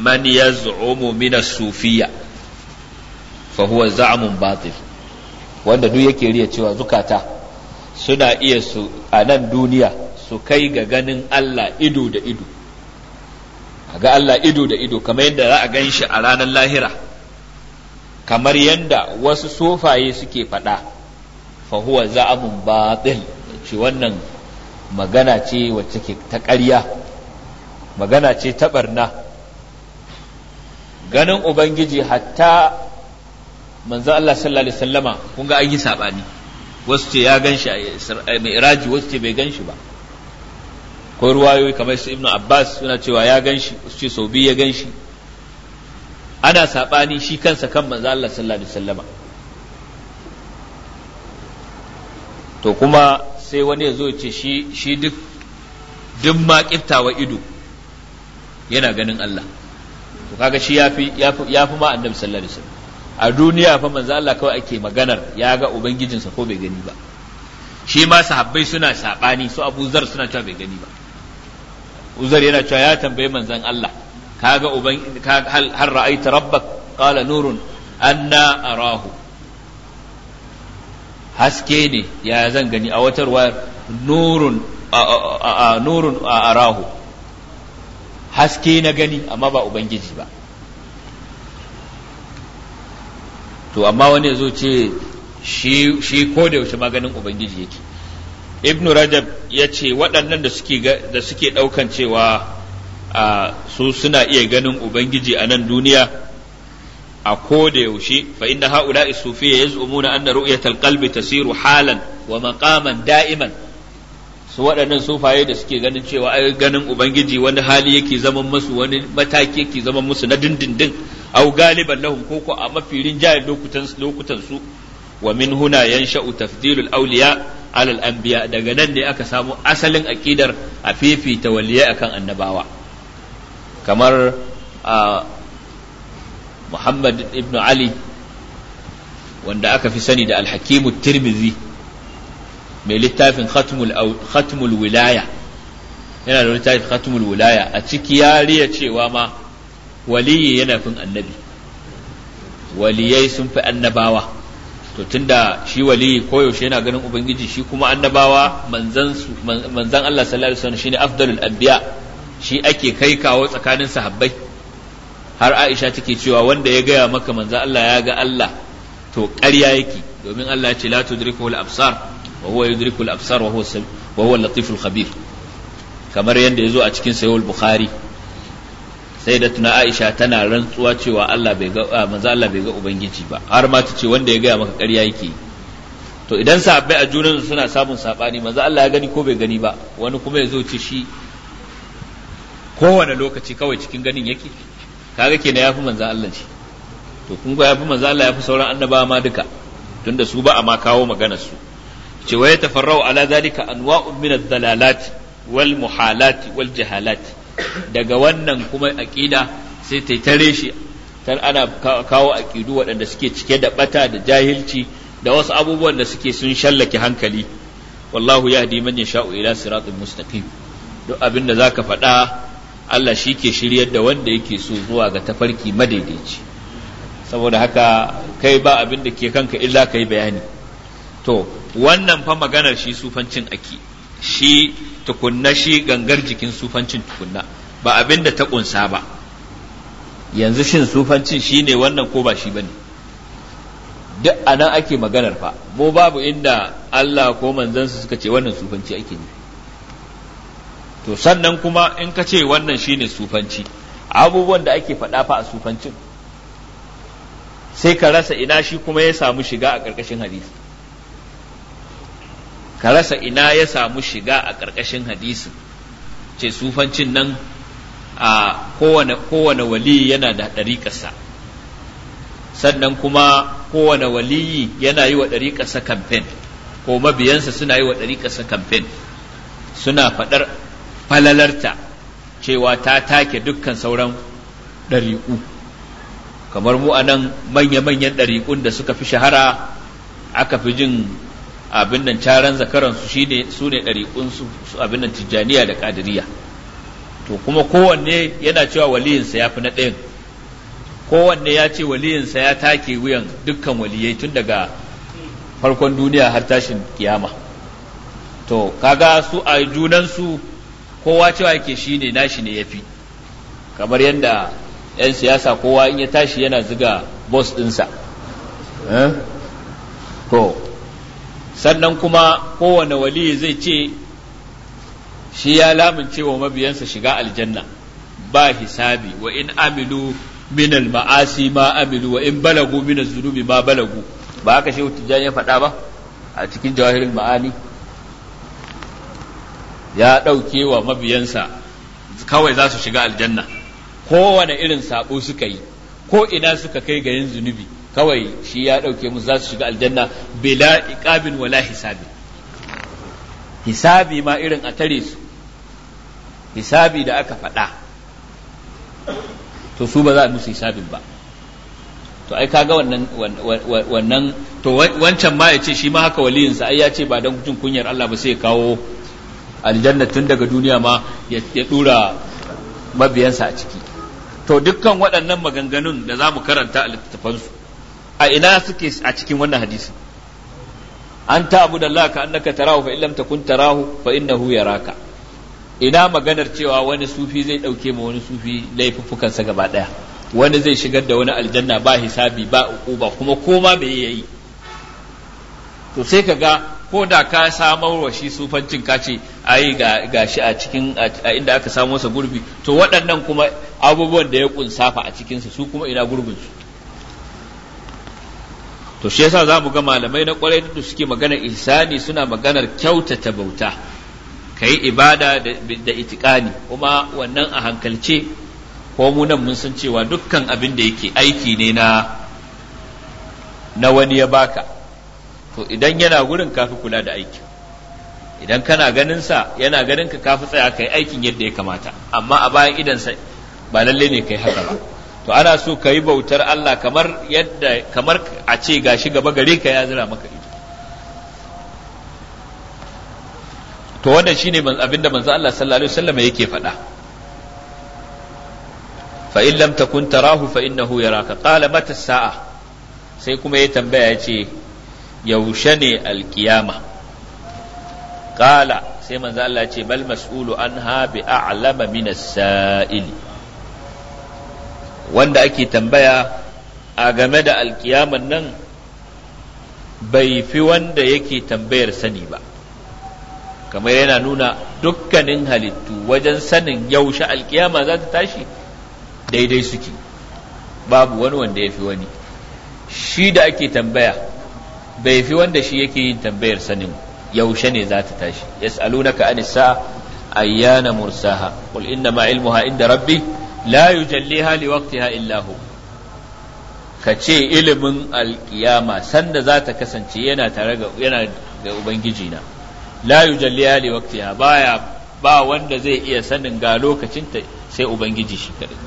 man yaz'umu min as-sufiyya fa huwa za'mun batil wanda duk yake riya cewa zukata suna iya su a nan duniya su kai ga ganin Allah ido da ido a ga Allah ido da ido kamar yadda za a gan shi a ranar lahira kamar yadda wasu sofaye suke faɗa fa huwa za'mun batil ce wannan magana ce wacce ke ta ƙarya magana ce ta ɓarna ganin ubangiji hatta manzo Allah sallallahu alaihi wasallama kun ga an yi sabani wasu ce ya ganshi a mi'raji wasu ce bai ganshi ba ko ruwayoyi kamar su ibnu abbas suna cewa ya ganshi wasu ce sau biyu ya ganshi ana sabani shi kansa kan manzo Allah sallallahu alaihi wasallama to kuma sai wani ya zo ce shi shi duk duk ma kiftawa ido yana ganin Allah to kaga shi yafi yafi ma annabi sallallahu alaihi wasallam a duniya fa manzo Allah kawai ake maganar ya ga ubangijinsa ko bai gani ba shi ma sahabbai suna sabani su Abu Zar suna cewa bai gani ba Uzar yana cewa ya tambaye manzon Allah kaga uban hal har ra'aita rabbak qala nurun anna arahu haske ne ya zan gani a watar wayar nurun a nurun arahu haske na gani amma ba ubangiji ba to amma wani zo ce shi ko da yaushe maganin ubangiji yake ibnu rajab ya ce waɗannan da suke ɗaukan cewa su suna iya ganin ubangiji a nan duniya a ko da yaushe fa inna haula an yaz'umuna anna ru'yatal qalbi tasiru halan wa maƙaman da'iman su waɗannan sufaye da suke ganin cewa ai ganin ubangiji wani hali yake zaman musu wani mataki yake zaman musu na dindindin au galiban lahum ko ko a mafi rinjayen lokutan su wa min huna yansha'u tafdilul awliya ala al anbiya daga nan ne aka samu asalin aqidar a fifita waliyai akan annabawa kamar Muhammad ibn Ali wanda aka fi sani da al-Hakim mai littafin khatmul wilaya yana da littafin khatmul wilaya a ciki ya riya cewa ma waliyi yana fin annabi waliyai sun fi annabawa to tunda shi waliyi koyaushe yana ganin ubangiji shi kuma annabawa manzan Allah sallallahu alaihi wasallam shine afdalul anbiya shi ake kai kawo tsakanin sahabbai har Aisha take cewa wanda ya gaya maka manzan Allah ya ga Allah to ƙarya yake domin Allah ya ce la tudrikul absar wa huwa yudrikul absar wa huwa wa huwa latiful khabir kamar yadda ya zo a cikin sahih bukhari sai da tuna aisha tana rantsuwa cewa Allah bai ga ah, manzo Allah bai ga ubangiji ba har ma ta ce wanda ya gaya maka ƙarya yake to idan sahabbai a junan suna samun sabani manzo Allah ya gani ko bai gani ba wani kuma ya zo ce shi kowane lokaci kawai cikin ganin yake kaga kenan yafi manzo Allah ce to kun ga yafi manzo Allah yafi sauran annabawa ma duka tunda su ba a ma kawo maganar su ce wa tafarrau ala zalika anwa'un min ad-dalalat wal muhalat wal jahalat daga wannan kuma aƙida sai ta tare shi tar ana kawo aƙidu waɗanda suke cike da ɓata da jahilci da wasu abubuwan da suke sun shallake hankali wallahu yahdi man yasha'u ila siratin mustaqim duk abin da zaka faɗa Allah shi ke shiryar da wanda yake so zuwa ga tafarki madaidaici saboda haka kai ba abin da ke kanka illa ka yi bayani to wannan fa maganar shi sufancin aki shi tukunna shi gangar jikin sufancin tukunna ba abin da ta kunsa ba yanzu shin sufancin shi ne wannan ko ba shi ba ne duk a nan ake maganar fa mu babu inda Allah ko manzansa suka ce wannan sufanci ake ne to sannan kuma in ka ce wannan shi ne sufanci abubuwan da ake faɗa fa a sufancin sai ka rasa ina shi kuma ya samu shiga a ƙarƙashin hadisi ka rasa ina ya samu shiga a ƙarƙashin hadisin ce sufancin nan a kowane waliyi yana da ɗariƙarsa sannan kuma kowane waliyi yana yi wa ɗariƙarsa kamfen ko mabiyansa suna yi wa ɗariƙarsa kamfen suna faɗar falalarta cewa ta take dukkan sauran ɗariƙu kamar mu a nan manya-manyan ɗariƙun da suka fi shahara aka fi jin abin nan taron zakaransu shine su ne ɗariƙun su abin nan tijjaniya da Kadiriya. to kuma kowanne yana cewa waliyinsa ya fi na ɗayan kowanne ya ce waliyinsa ya take wuyan dukkan waliyai tun daga farkon duniya har tashin kiyama to kaga su a junansu kowa cewa yake shi ne nashi ne ya fi kamar yadda 'yan siyasa kowa in ya tashi yana ziga bos ɗinsa eh? sannan kuma kowane wali zai ce shi ya lamince wa mabiyansa shiga aljanna ba hisabi wa in amilu min al-ma'asi ma amilu wa in balagu min az-zunubi ma balagu ba haka shehu tijjani ya faɗa ba a cikin jawahirul ma'ani ya ɗauke wa mabiyansa kawai za su shiga aljanna kowane irin sabo suka yi ko ina suka kai ga yin zunubi kawai shi ya ɗauke musu za su shiga aljanna bila iqabin wala hisabi hisabi ma irin a tare su hisabi da aka faɗa to su ba za a musu hisabin ba to ai kaga wannan wannan to wancan ma ya ce shi ma haka waliyinsa ai ya ce ba dan jin kunyar Allah ba sai ya kawo aljanna tun daga duniya ma ya dura mabiyansa a ciki to dukkan waɗannan maganganun da za mu karanta a littattafansu a ina suke a cikin wannan hadisi an ta abu da laka an naka tarahu fa illam takun tarahu fa innahu yaraka ina maganar cewa wani sufi zai dauke ma wani sufi laifuffukansa gaba daya wani zai shigar da wani aljanna ba hisabi ba uquba kuma koma bai yayi to sai ka ga ko da ka samar wa shi sufancin ka ce ai ga shi a cikin a inda aka samo sa gurbi to waɗannan kuma abubuwan da ya kunsafa a cikinsa su kuma ina gurbin su to shi yasa za mu ga malamai na kwarai da suke magana ihsani suna maganar kyautata bauta ka yi ibada da itikani kuma wannan a hankalce ko mu nan mun san cewa dukkan abin da yake aiki ne na na wani ya baka to idan yana gurin kafi kula da aiki idan kana ganin sa yana ganin ka kafi tsaya kai aikin yadda ya kamata amma a bayan idan sa ba lalle ne kai haka ba to ana so ka yi bautar Allah kamar yadda kamar a ce gashi gaba gare ka ya zira maka ido to wannan shine abinda manzo Allah sallallahu alaihi wasallam yake faɗa fa in lam takun tarahu fa innahu yaraka qala mata sa'a sai kuma ya tambaya yace yaushe ne alkiyama qala sai manzo Allah ya ce bal mas'ulu anha bi a'lama min as-sa'ili wanda ake tambaya a game da alkiyaman nan bai fi wanda yake tambayar sani ba kamar yana nuna dukkanin halittu wajen sanin yaushe alkiyama za ta tashi daidai suke babu wani wanda ya fi wani shi da ake tambaya bai fi wanda shi yake yin tambayar sanin yaushe ne za ta tashi yas'alunaka anisa ayyana mursaha qul inna ma ilmuha inda rabbi la yujalliha li waqtiha illa hu ka ce ilimin alkiyama sanda za ta kasance yana tare ga yana da ubangiji na la yujalliha li waqtiha baya ba wanda zai iya sanin ga lokacinta sai ubangiji shi kadai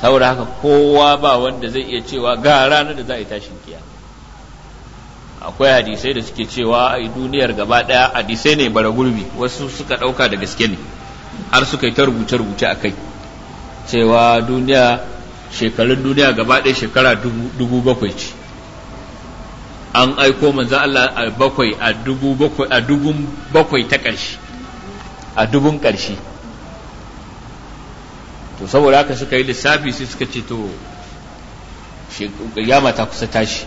saboda haka kowa ba wanda zai iya cewa ga ranar da za a yi tashin kiyama akwai hadisai da suke cewa a duniyar gaba daya hadisai ne bara gurbi wasu suka dauka da gaske ne har suka yi ta rubuce-rubuce a kai cewa duniya shekarun duniya gaba ɗaya shekara dubu bakwai ce an aiko manzo Allah a bakwai a dubu bakwai a dubun bakwai ta ƙarshe a dubun ƙarshe to saboda haka suka yi lissafi sai suka ce to kiyama ta kusa tashi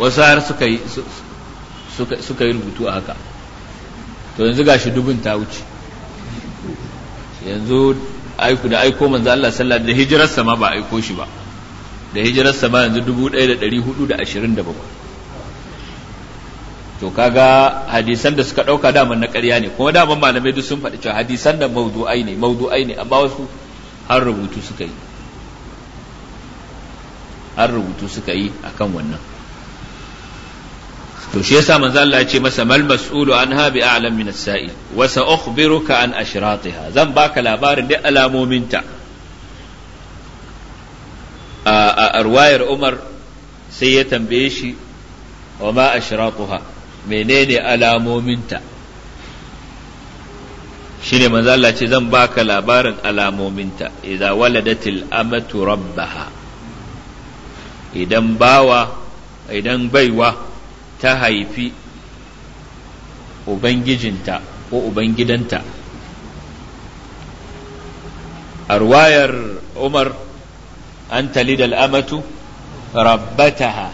wasu har suka yi rubutu a haka to yanzu gashi dubun ta wuce yanzu aiku da aiko manzo Allah sallallahu alaihi da hijirarsa ma ba aiko shi ba da hijirarsa sama yanzu 1427 to kaga hadisan da suka dauka daman na ƙarya ne kuma daman malamai duk sun faɗi cewa hadisan da mawdu'ai ne mawdu'ai ne amma wasu har rubutu suka yi har rubutu suka yi akan wannan to shi yasa manzo Allah ya ce masa mal mas'ulu anha bi a'lam min as-sa'il wa sa'ukhbiruka an ashratiha zan baka labarin da alamominta a arwayar Umar sai ya tambaye shi wa ma ashratuha menene alamominta shine manzo Allah ce zan baka labarin alamominta idza waladatil amatu rabbaha idan bawa idan baiwa ta haifi ubangijinta ko ubangidanta a ruwayar umar an da al'amatu rabbataha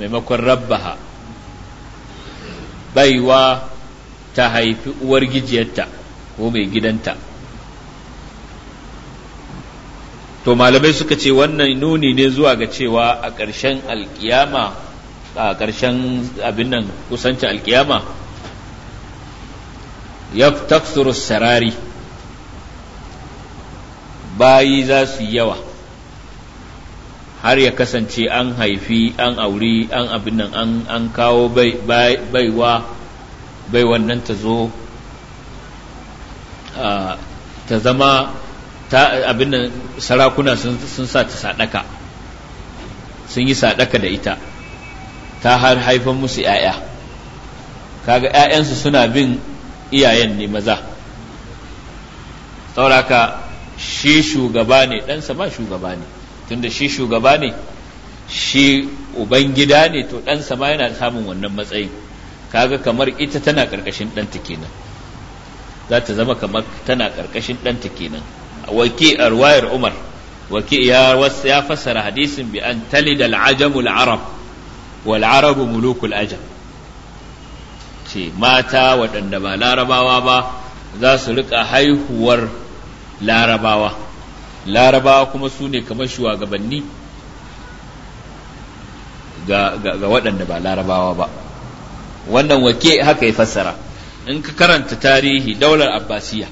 maimakon rabbaha baiwa ta haifi uwar gijiyarta ko mai gidanta to malamai suka ce wannan nuni ne zuwa ga cewa a ƙarshen alƙiyama. a ƙarshen abin nan kusanci alkiyama ya taksuru sarari bayi za su yi yawa har ya kasance an haifi an auri an abin nan an kawo baiwa bai wannan ta zo ta zama abin nan sarakuna sun sa ta sadaka sun yi sadaka da ita ta har haifan musu 'ya'ya kaga 'ya'yansu suna bin iyayen ne maza sauraka shi shugaba ne ɗansa ma shugaba ne tunda shi shugaba ne shi ubangida ne to ɗansa ma yana samun wannan matsayin kaga kamar ita tana ƙarƙashin ɗanta kenan za ta zama kamar tana ƙarƙashin ɗanta kenan waki arwayar umar waki ya fassara hadisin bi an talida al'ajamul arab wal arabu mulukul ajam ce mata waɗanda ba larabawa ba za su rika haihuwar larabawa larabawa kuma su ne kamar shugabanni ga, ga, ga waɗanda ba larabawa ba wannan wake haka ya fassara in ka karanta tarihi daular abbasiya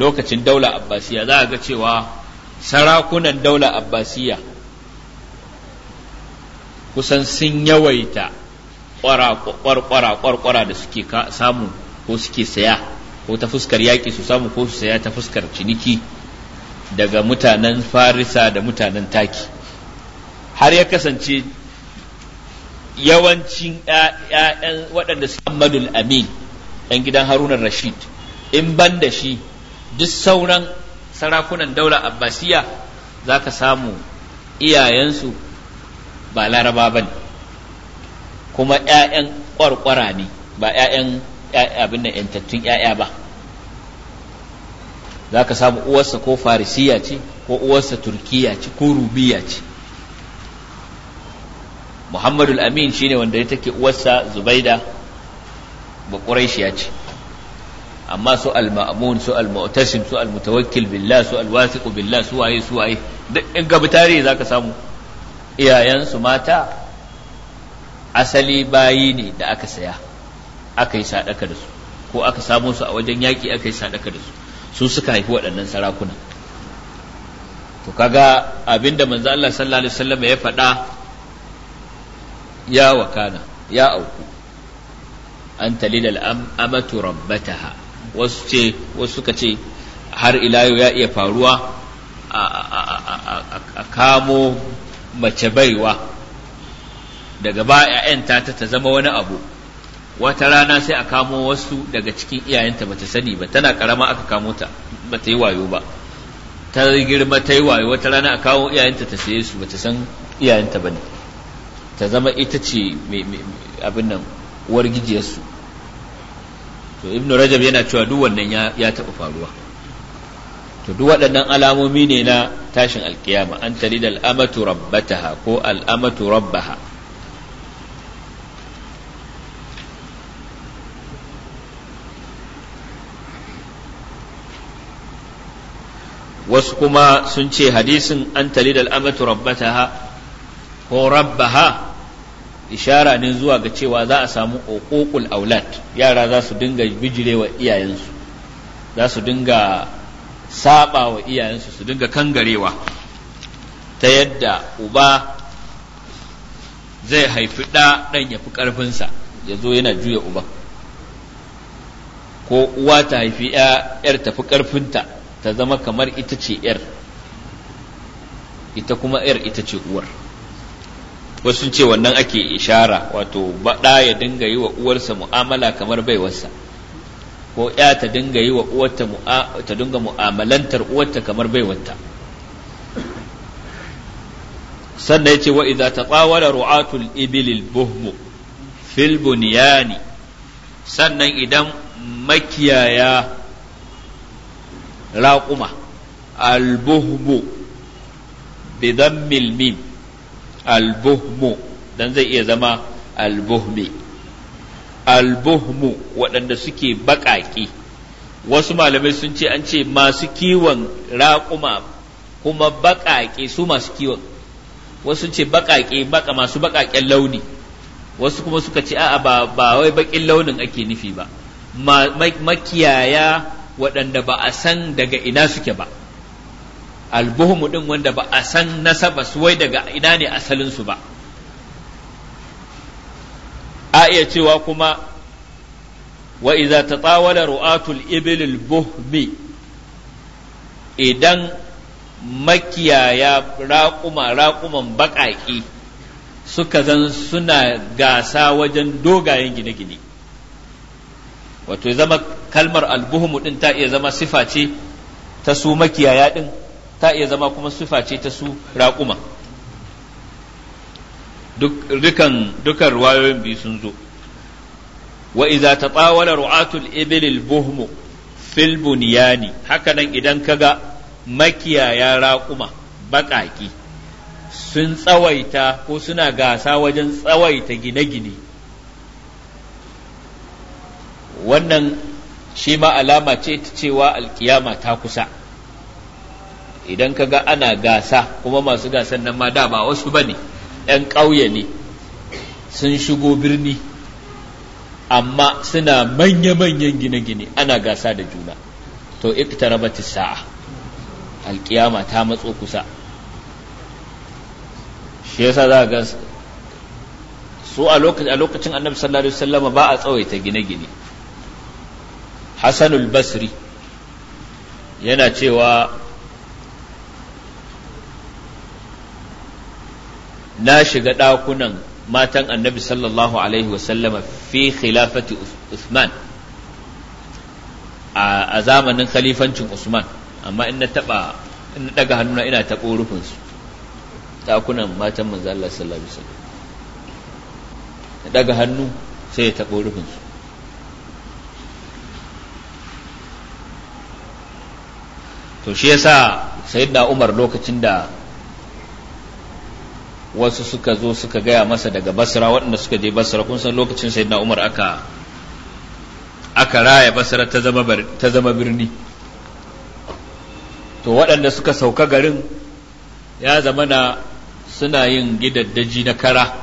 lokacin daular abbasiya za a ga cewa sarakunan daular abbasiya kusan sun yawaita kwarkwara da suke samu ko suke saya ko ta fuskar yaƙi su samu ko su saya ta fuskar ciniki daga mutanen farisa da mutanen taki har ya kasance yawancin ‘ya'yan waɗanda su Ahmadul Amin ɗan gidan Harunan Rashid in ban da shi duk sauran sarakunan daular Abbasiya za ka samu iyayensu ba laraba ba ne kuma 'ya'yan ƙwarƙwara ne ba 'ya'yan abin da 'yantattun 'ya'ya ba za ka samu uwarsa ko farisiya ce ko uwarsa turkiya ce ko rubiya ce muhammadul amin shine wanda ya take uwarsa zubaida ba ƙuraishiya ce amma su al maamun su al-mu'tasim su al-mutawakkil billah su al-wasiq billah su waye su waye duk in ga tarihi zaka samu iyayensu mata asali bayi ne da aka saya aka yi sadaka da su ko aka samo su a wajen yaƙi aka yi sadaka da su su suka haifi waɗannan sarakuna to kaga abinda manzo Allah sallallahu alaihi wasallam ya faɗa ya wakana ya auku an talilal amatu rabbataha wasu ce wasu suka ce har ila ya iya faruwa a kamo mace baiwa daga ba 'ya'yanta ta ta zama wani abu wata rana sai a kamo wasu daga cikin iyayenta bata sani ba tana karama aka kamo ta ba ta yi wayo ba ta girma ta yi wayo wata rana a kawo iyayenta ta saye su bata san iyayenta ba ne ta zama ita ce abin nan uwar gijiyarsu to ibn rajab yana cewa duk wannan ya taɓa faruwa to duk waɗannan alamomi ne na tashin alkiyama an talida al'amatu rabbataha ko al'amatu rabbaha wasu kuma sun ce hadisin an talida al'amatu rabbataha ko rabbaha ishara ne zuwa ga cewa za a samu oƙoƙul aulat yara za su dinga bijirewa iyayensu za su dinga saba wa iyayensu su dinga kangarewa ta yadda uba zai haifi ɗa ɗan ya fi ƙarfinsa ya zo yana juya uba ko uwa ta haifi ‘yar tafi ƙarfinta ta zama kamar ita ce ‘yar ita kuma ‘yar ita ce uwar wasu ce wannan ake ishara wato baɗa ya dinga yi wa uwarsa mu'amala kamar baiwarsa ko ya ta dinga yi wa uwarta ta dinga mu'amalantar uwarta kamar baiwarta sannan yace wa idza taqawala ru'atul ibilil buhmu fil bunyani sannan idan makiyaya raƙuma albuhmu bidammil mim albuhmu dan zai iya zama albuhmi albuhmu waɗanda suke baƙaƙi wasu malamai sun ce an ce masu kiwon raƙuma kuma baƙaƙe su masu kiwon wasu ce baƙaƙe baka masu baƙaƙen launi wasu kuma suka ce a'a ba ba wai baƙin launin ake nufi ba makiyaya waɗanda ba a san daga ina suke ba albuhmu ɗin wanda ba a san nasaba su wai daga ina ne asalinsu ba a iya cewa kuma wa iza tatawala ru'atul ibilil buhmi idan makiyaya raƙuma raƙuman baƙaƙi suka zan suna gasa wajen dogayen gine-gine wato zama kalmar albuhumu ɗin ta iya zama sifa ce ta su makiyaya ɗin ta iya zama kuma sifa ce ta su raƙuma dukan dukan ruwayoyin biyu sun zo wa iza tatawala ru'atul ibil buhmu fil bunyani hakanan idan kaga makiyaya raƙuma baƙaƙi sun tsawaita ko suna gasa wajen tsawaita gine-gine wannan shi ma alama ce ta cewa alkiyama ta kusa idan kaga ana gasa kuma masu gasan nan ma da ba wasu ba ne 'yan ƙauye ne sun shigo birni amma suna manya-manyan gine-gine ana gasa da juna to iqtarabatis sa'a alkiyama ta matso kusa shi yasa za ga su a lokacin annabi sallallahu alaihi wasallama ba a tsawaita gine-gine hasanul basri yana cewa na shiga ɗakunan matan annabi sallallahu alaihi wasallama fi khilafati Usman a zamanin khalifancin Usman amma in na taɓa in daga hannuna ina taɓo rufinsu ɗakunan matan manzo Allah sallallahu alaihi wasallam daga hannu sai ya taɓo rufinsu to shi yasa sayyidina Umar lokacin da wasu suka zo suka gaya masa daga basra waɗanda suka je basra kun san lokacin sai na umar aka aka raya basra ta zama birni to waɗanda suka sauka garin ya zama na suna yin gidaddaji na kara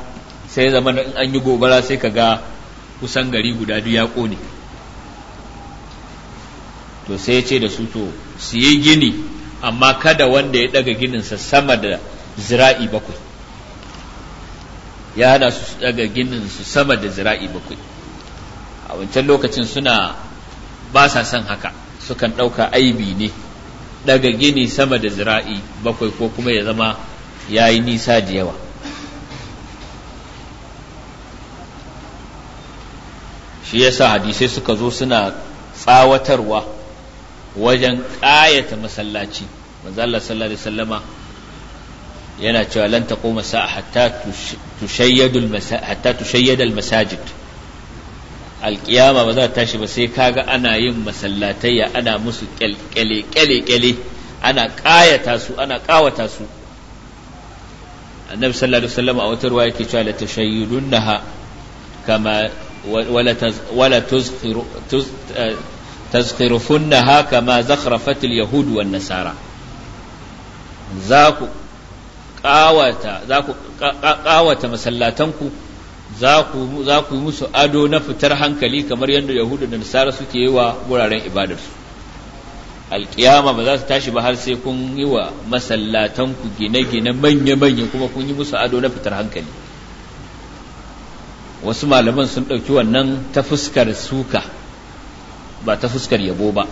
sai ya zama in an yi gobara sai ka ga kusan gari guda duk ya ƙone to sai ya ce da su to su yi gini amma kada wanda ya ɗaga gininsa sama da zira'i bakwai ya hana su daga ginin su sama da zira'i bakwai a wancan lokacin suna ba sa son haka sukan ɗauka aibi ne daga gini sama da zira'i bakwai ko kuma ya zama ya yi nisa da yawa shi ya sa hadisai suka zo suna tsawatarwa wajen ƙayata masallaci manzo Allah sallallahu alaihi wasallama yana cewa lan taquma sa'a hatta tushayyadul hatta tushayyadal masajid alkiyama ba za ta tashi ba sai kaga ana yin masallatayya ana musu kyalkyale kyale ana kayata su ana kawata su annabi sallallahu alaihi wasallam a wata ruwa yake cewa la tashayyidunnaha kama wala wala tuzkhiru eh, tazkhirufunnaha kama zakhrafat alyahud wan nasara za ku ƙawata za ku ƙawata masallatanku za ku yi musu ado na fitar hankali kamar yadda yahudu da nasara suke yi wa wuraren ibadarsu alƙiyama ba za su tashi ba har sai kun yi wa masallatanku gine-gine manya-manya kuma kun yi musu ado na fitar hankali wasu malaman sun ɗauki wannan ta fuskar suka ba ta fuskar yabo ba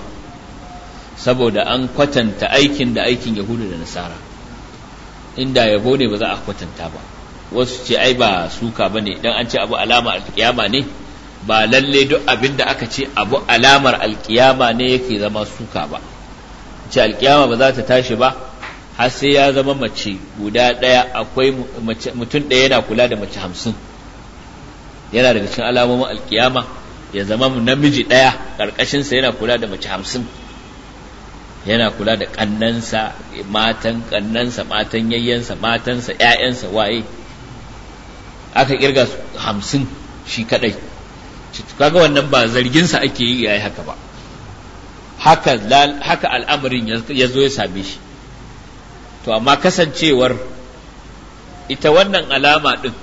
saboda an kwatanta aikin da aikin yahudu da nasara inda yabo ne ba za a kwatanta ba wasu ce ai ba suka ba ne don an ce abu alama alkiyama ne ba lalle duk abin da aka ce abu alamar alkiyama ne yake zama suka ba ce alkiyama ba za ta tashi ba har sai ya zama mace guda ɗaya akwai mutum ɗaya yana kula da mace hamsin yana daga cikin alamomin alkiyama ya zama namiji ɗaya ƙarƙashinsa yana kula da mace hamsin yana kula da ƙannansa matan ƙannansa matan yayyansa matansa ƴaƴansa waye aka kirga su hamsin shi kadai kaga wannan ba zarginsa ake yi yayi haka ba haka haka al'amarin ya zo ya same shi to amma kasancewar ita wannan alama din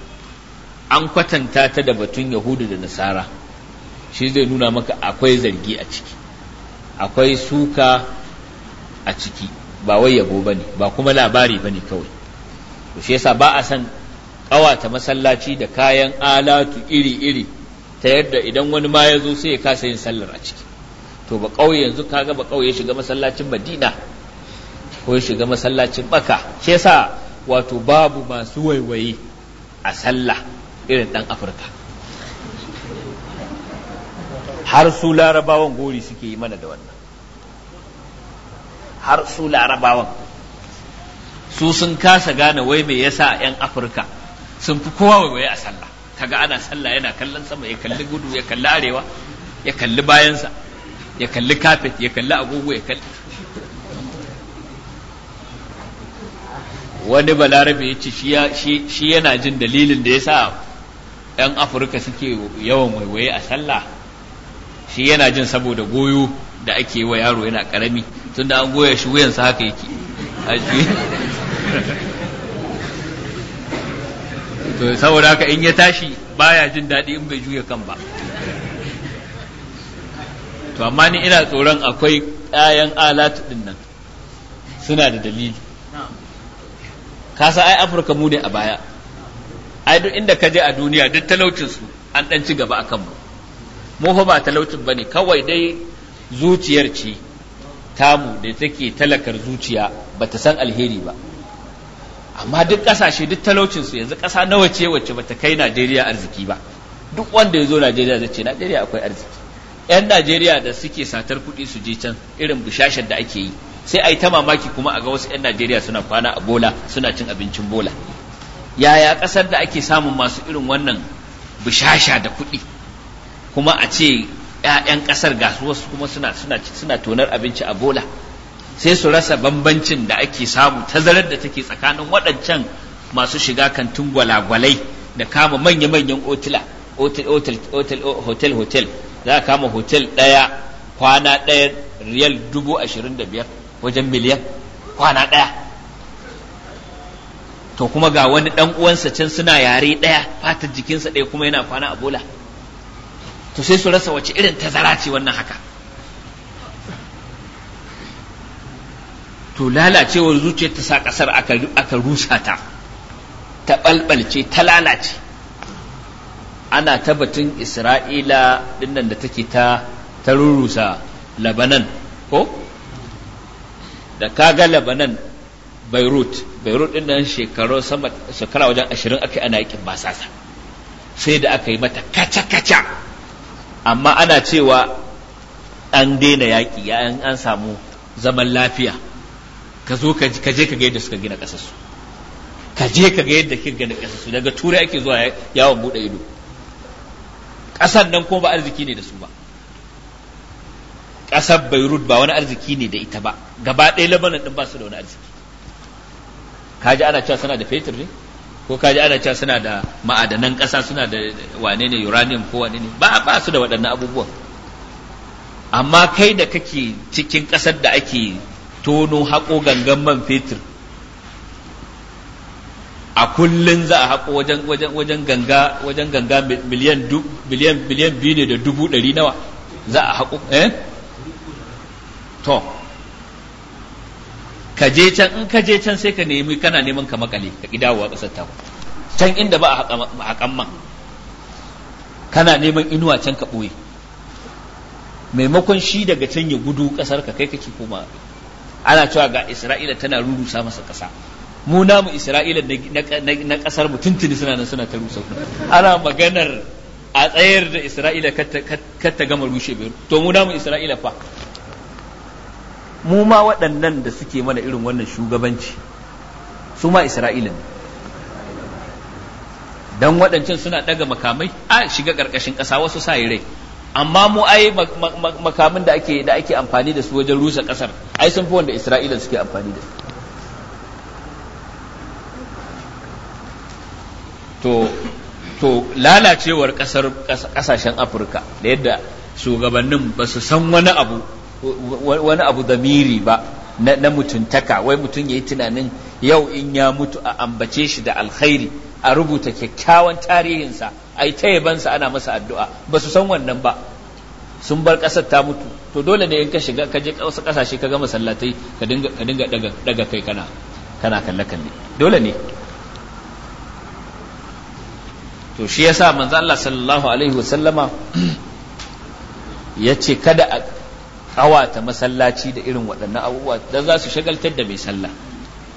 an kwatanta ta da batun yahudu da nasara shi zai nuna maka akwai zargi a ciki akwai suka a ciki ba wai yabo ba ne ba kuma labari ba ne kawai to shi yasa ba a san ƙawata masallaci da kayan alatu iri-iri ta yadda idan wani ma ya zo sai ya kasa yin sallar a ciki to ba ƙauye yanzu kaga ba ƙauye shiga masallacin madina ko ya shiga masallacin baka shi yasa wato babu masu waiwaye a sallah irin ɗan afirka har su larabawan gori suke yi mana da wannan har su larabawan su sun kasa gane wai me yasa 'yan afirka sun fi kowa waiwaye a sallah kaga ana sallah yana kallon sama ya kalli gudu ya kalli arewa ya kalli bayansa ya kalli kafet ya kalli agogo ya kalli wani balarabe ya ce shi yana jin dalilin da ya sa 'yan afirka suke yawan waiwaye a sallah shi yana jin saboda goyo da ake wa yaro yana karami tunda an goya shi wuyansa haka yake to saboda haka in ya tashi baya jin daɗi in bai juya kan ba to amma ni ina tsoron akwai ƙayan alatu ɗin nan suna da dalili kasa ai afirka mu ne a baya ai duk inda ka je a duniya duk talaucinsu an ɗan ci gaba a kanmu mu fa ba talaucin ba ne kawai dai zuciyar ce tamu da take talakar zuciya ba ta san alheri ba amma duk ƙasashe duk talaucinsu yanzu ƙasa nawa ce wacce ba ta kai najeriya arziki ba duk wanda ya zo najeriya zai ce najeriya akwai arziki 'yan najeriya da suke satar kuɗi su je can irin bushashar da ake yi sai a yi ta mamaki kuma a ga wasu 'yan najeriya suna kwana a bola suna cin abincin bola yaya ƙasar da ake samun masu irin wannan bushasha da kuɗi kuma a ce 'ya'yan ƙasar ga wasu kuma suna suna suna tonar abinci a bola sai su rasa bambancin da ake samu tazarar da take tsakanin waɗancan masu shiga kantin gwalagwalai da kama manya-manyan otila hotel hotel za a kama hotel ɗaya kwana ɗaya riyal dubu ashirin da biyar wajen miliyan kwana ɗaya to kuma ga wani ɗan uwansa can suna yare ɗaya fatar jikinsa ɗaya kuma yana kwana a bola to sai su rasa wace irin tazara ce wannan haka to lalacewar zuciyar ta sa kasar aka rusa ta ta ɓalɓalce ta lalace ana ta batun isra'ila dinnan da take ta ta rurusa labanan ko da kaga labanan beirut beirut dinnan shekaru sama shekara wajen ashirin aka ana yakin basasa sai da aka yi mata kaca-kaca amma ana cewa an daina yaƙi an samu zaman lafiya ka zo ka je ka ga yadda suka gina su ka je ka ga yadda kika gina ƙasar su, daga turai ake zuwa yawon buɗe ido ƙasar nan kuma ba arziki ne da su ba ƙasar beirut ba wani arziki ne da ita ba gaba ɗaya labanan ɗin ba su da wani arziki kaji ana cewa suna da fetur ne ko kaji ana cewa suna da ma'adanan ƙasa suna da wane ne uranium ko wane ne ba ba su da waɗannan abubuwan amma kai da kake cikin ƙasar da ake tono haƙo gangan man fetur a kullun za a haƙo wajen wajen wajen ganga wajen ganga miliyan biliyan biliyan biyu ne da dubu ɗari nawa za a haƙo eh to ka je can in ka je can sai ka nemi kana neman ka makale ka ki dawowa kasar ta can inda ba a haƙan kana neman inuwa can ka ɓoye maimakon shi daga can ya gudu kasar ka kai kake koma ana cewa ga isra'ila tana rurusa masa ƙasa mu namu isra'ila na ƙasar mu tuntuni suna nan suna ta rusa ana maganar a tsayar da isra'ila kar ta gama rushe to mu namu isra'ila fa mu ma waɗannan da suke mana irin wannan shugabanci su ma isra'ila ne don waɗancan suna ɗaga makamai a shiga ƙarƙashin ƙasa wasu sa rai amma mu ai makamin da ake da ake amfani da su wajen rusa ƙasar ai sun fi wanda isra'ila suke amfani da to to lalacewar ƙasar ƙasashen afirka da yadda shugabannin ba su san wani abu wani abu miri ba na mutuntaka wai mutum ya yi tunanin yau in ya mutu a ambace shi da alkhairi a rubuta kyakkyawan tarihinsa a yi ta yabansa ana masa addu'a ba su san wannan ba sun bar ƙasar ta mutu to dole ne in ka shiga ka je wasu ƙasashe ka gama sallatai ka dinga daga kai kana kana kalle kalle dole ne to shi yasa manzo Allah sallallahu alaihi wasallama ya ce kada awata masallaci da irin waɗannan abubuwa da za su shagaltar da mai sallah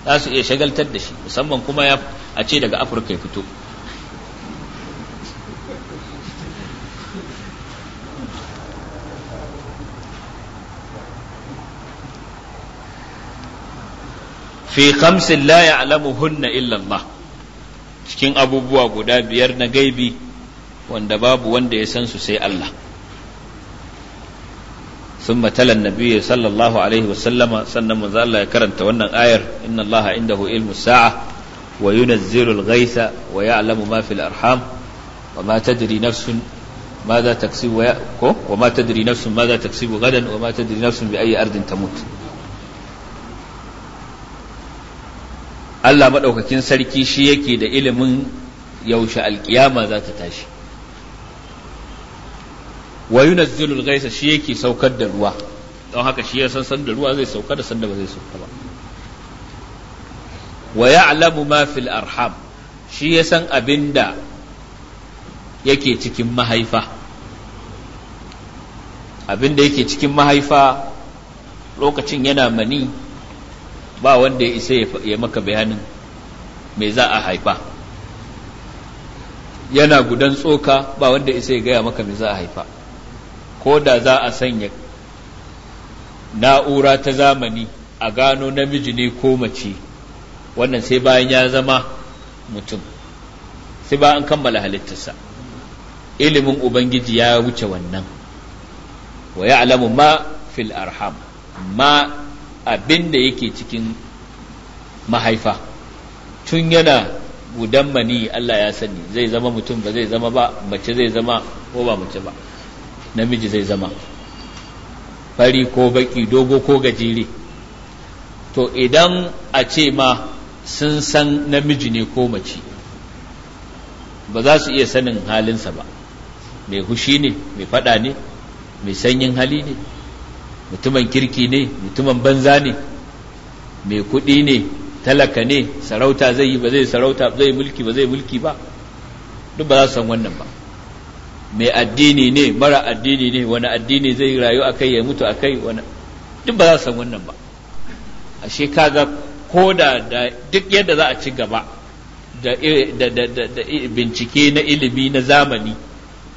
za su iya shagaltar da shi musamman kuma ya a ce daga afirka ya fito fi khamsin la ya'lamuhunna illa Allah cikin abubuwa guda biyar na gaibi wanda babu wanda ya san su sai Allah sun matalan nabiya sallallahu alaihi wasallama sannan manzo Allah ya karanta wannan ayar inna Allah indahu ilmu sa'a wa yunazzilu al-ghaitha wa ya'lamu ma fil arham wa ماذا تكسب وما تدري نفس ماذا تكسب غدا وما تدري نفس بأي أرض تموت Allah maɗaukakin sarki shi yake da ilimin yaushe alkiyama za ta tashi wa yunazzilul ghaisa shi yake saukar da ruwa don haka shi ya san san da ruwa zai sauka da san da ba zai sauka ba wa ya'lamu ma fil arham shi ya san abinda yake cikin mahaifa abinda yake cikin mahaifa lokacin yana mani ba wanda ya isa ya maka bayanin me za a haifa yana gudan tsoka ba wanda ya isa ya gaya maka me za a haifa ko da za a sanya na'ura ta zamani a gano namiji ne ko mace wannan sai bayan ya zama mutum sai ba an kammala halittarsa ilimin ubangiji ya wuce wannan wa ya alamu ma fil arham ma abin da yake cikin mahaifa tun yana gudan mani Allah ya sani zai zama mutum ba zai zama ba mace zai zama ko ba mace ba namiji zai zama fari ko baki dogo ko gajere to idan a ce ma sun san namiji ne ko mace ba za su iya sanin halinsa ba mai hushi ne mai fada ne mai sanyin hali ne mutumin kirki ne mutumin banza ne mai kuɗi ne talaka ne sarauta zai yi ba zai sarauta zai mulki ba zai mulki ba duk ba za su san wannan ba mai addini ne mara addini ne wani addini zai rayu a kai ya mutu a kai wani duk ba za su san wannan ba A kaga ko da duk yadda za a ci gaba da bincike na ilimi na zamani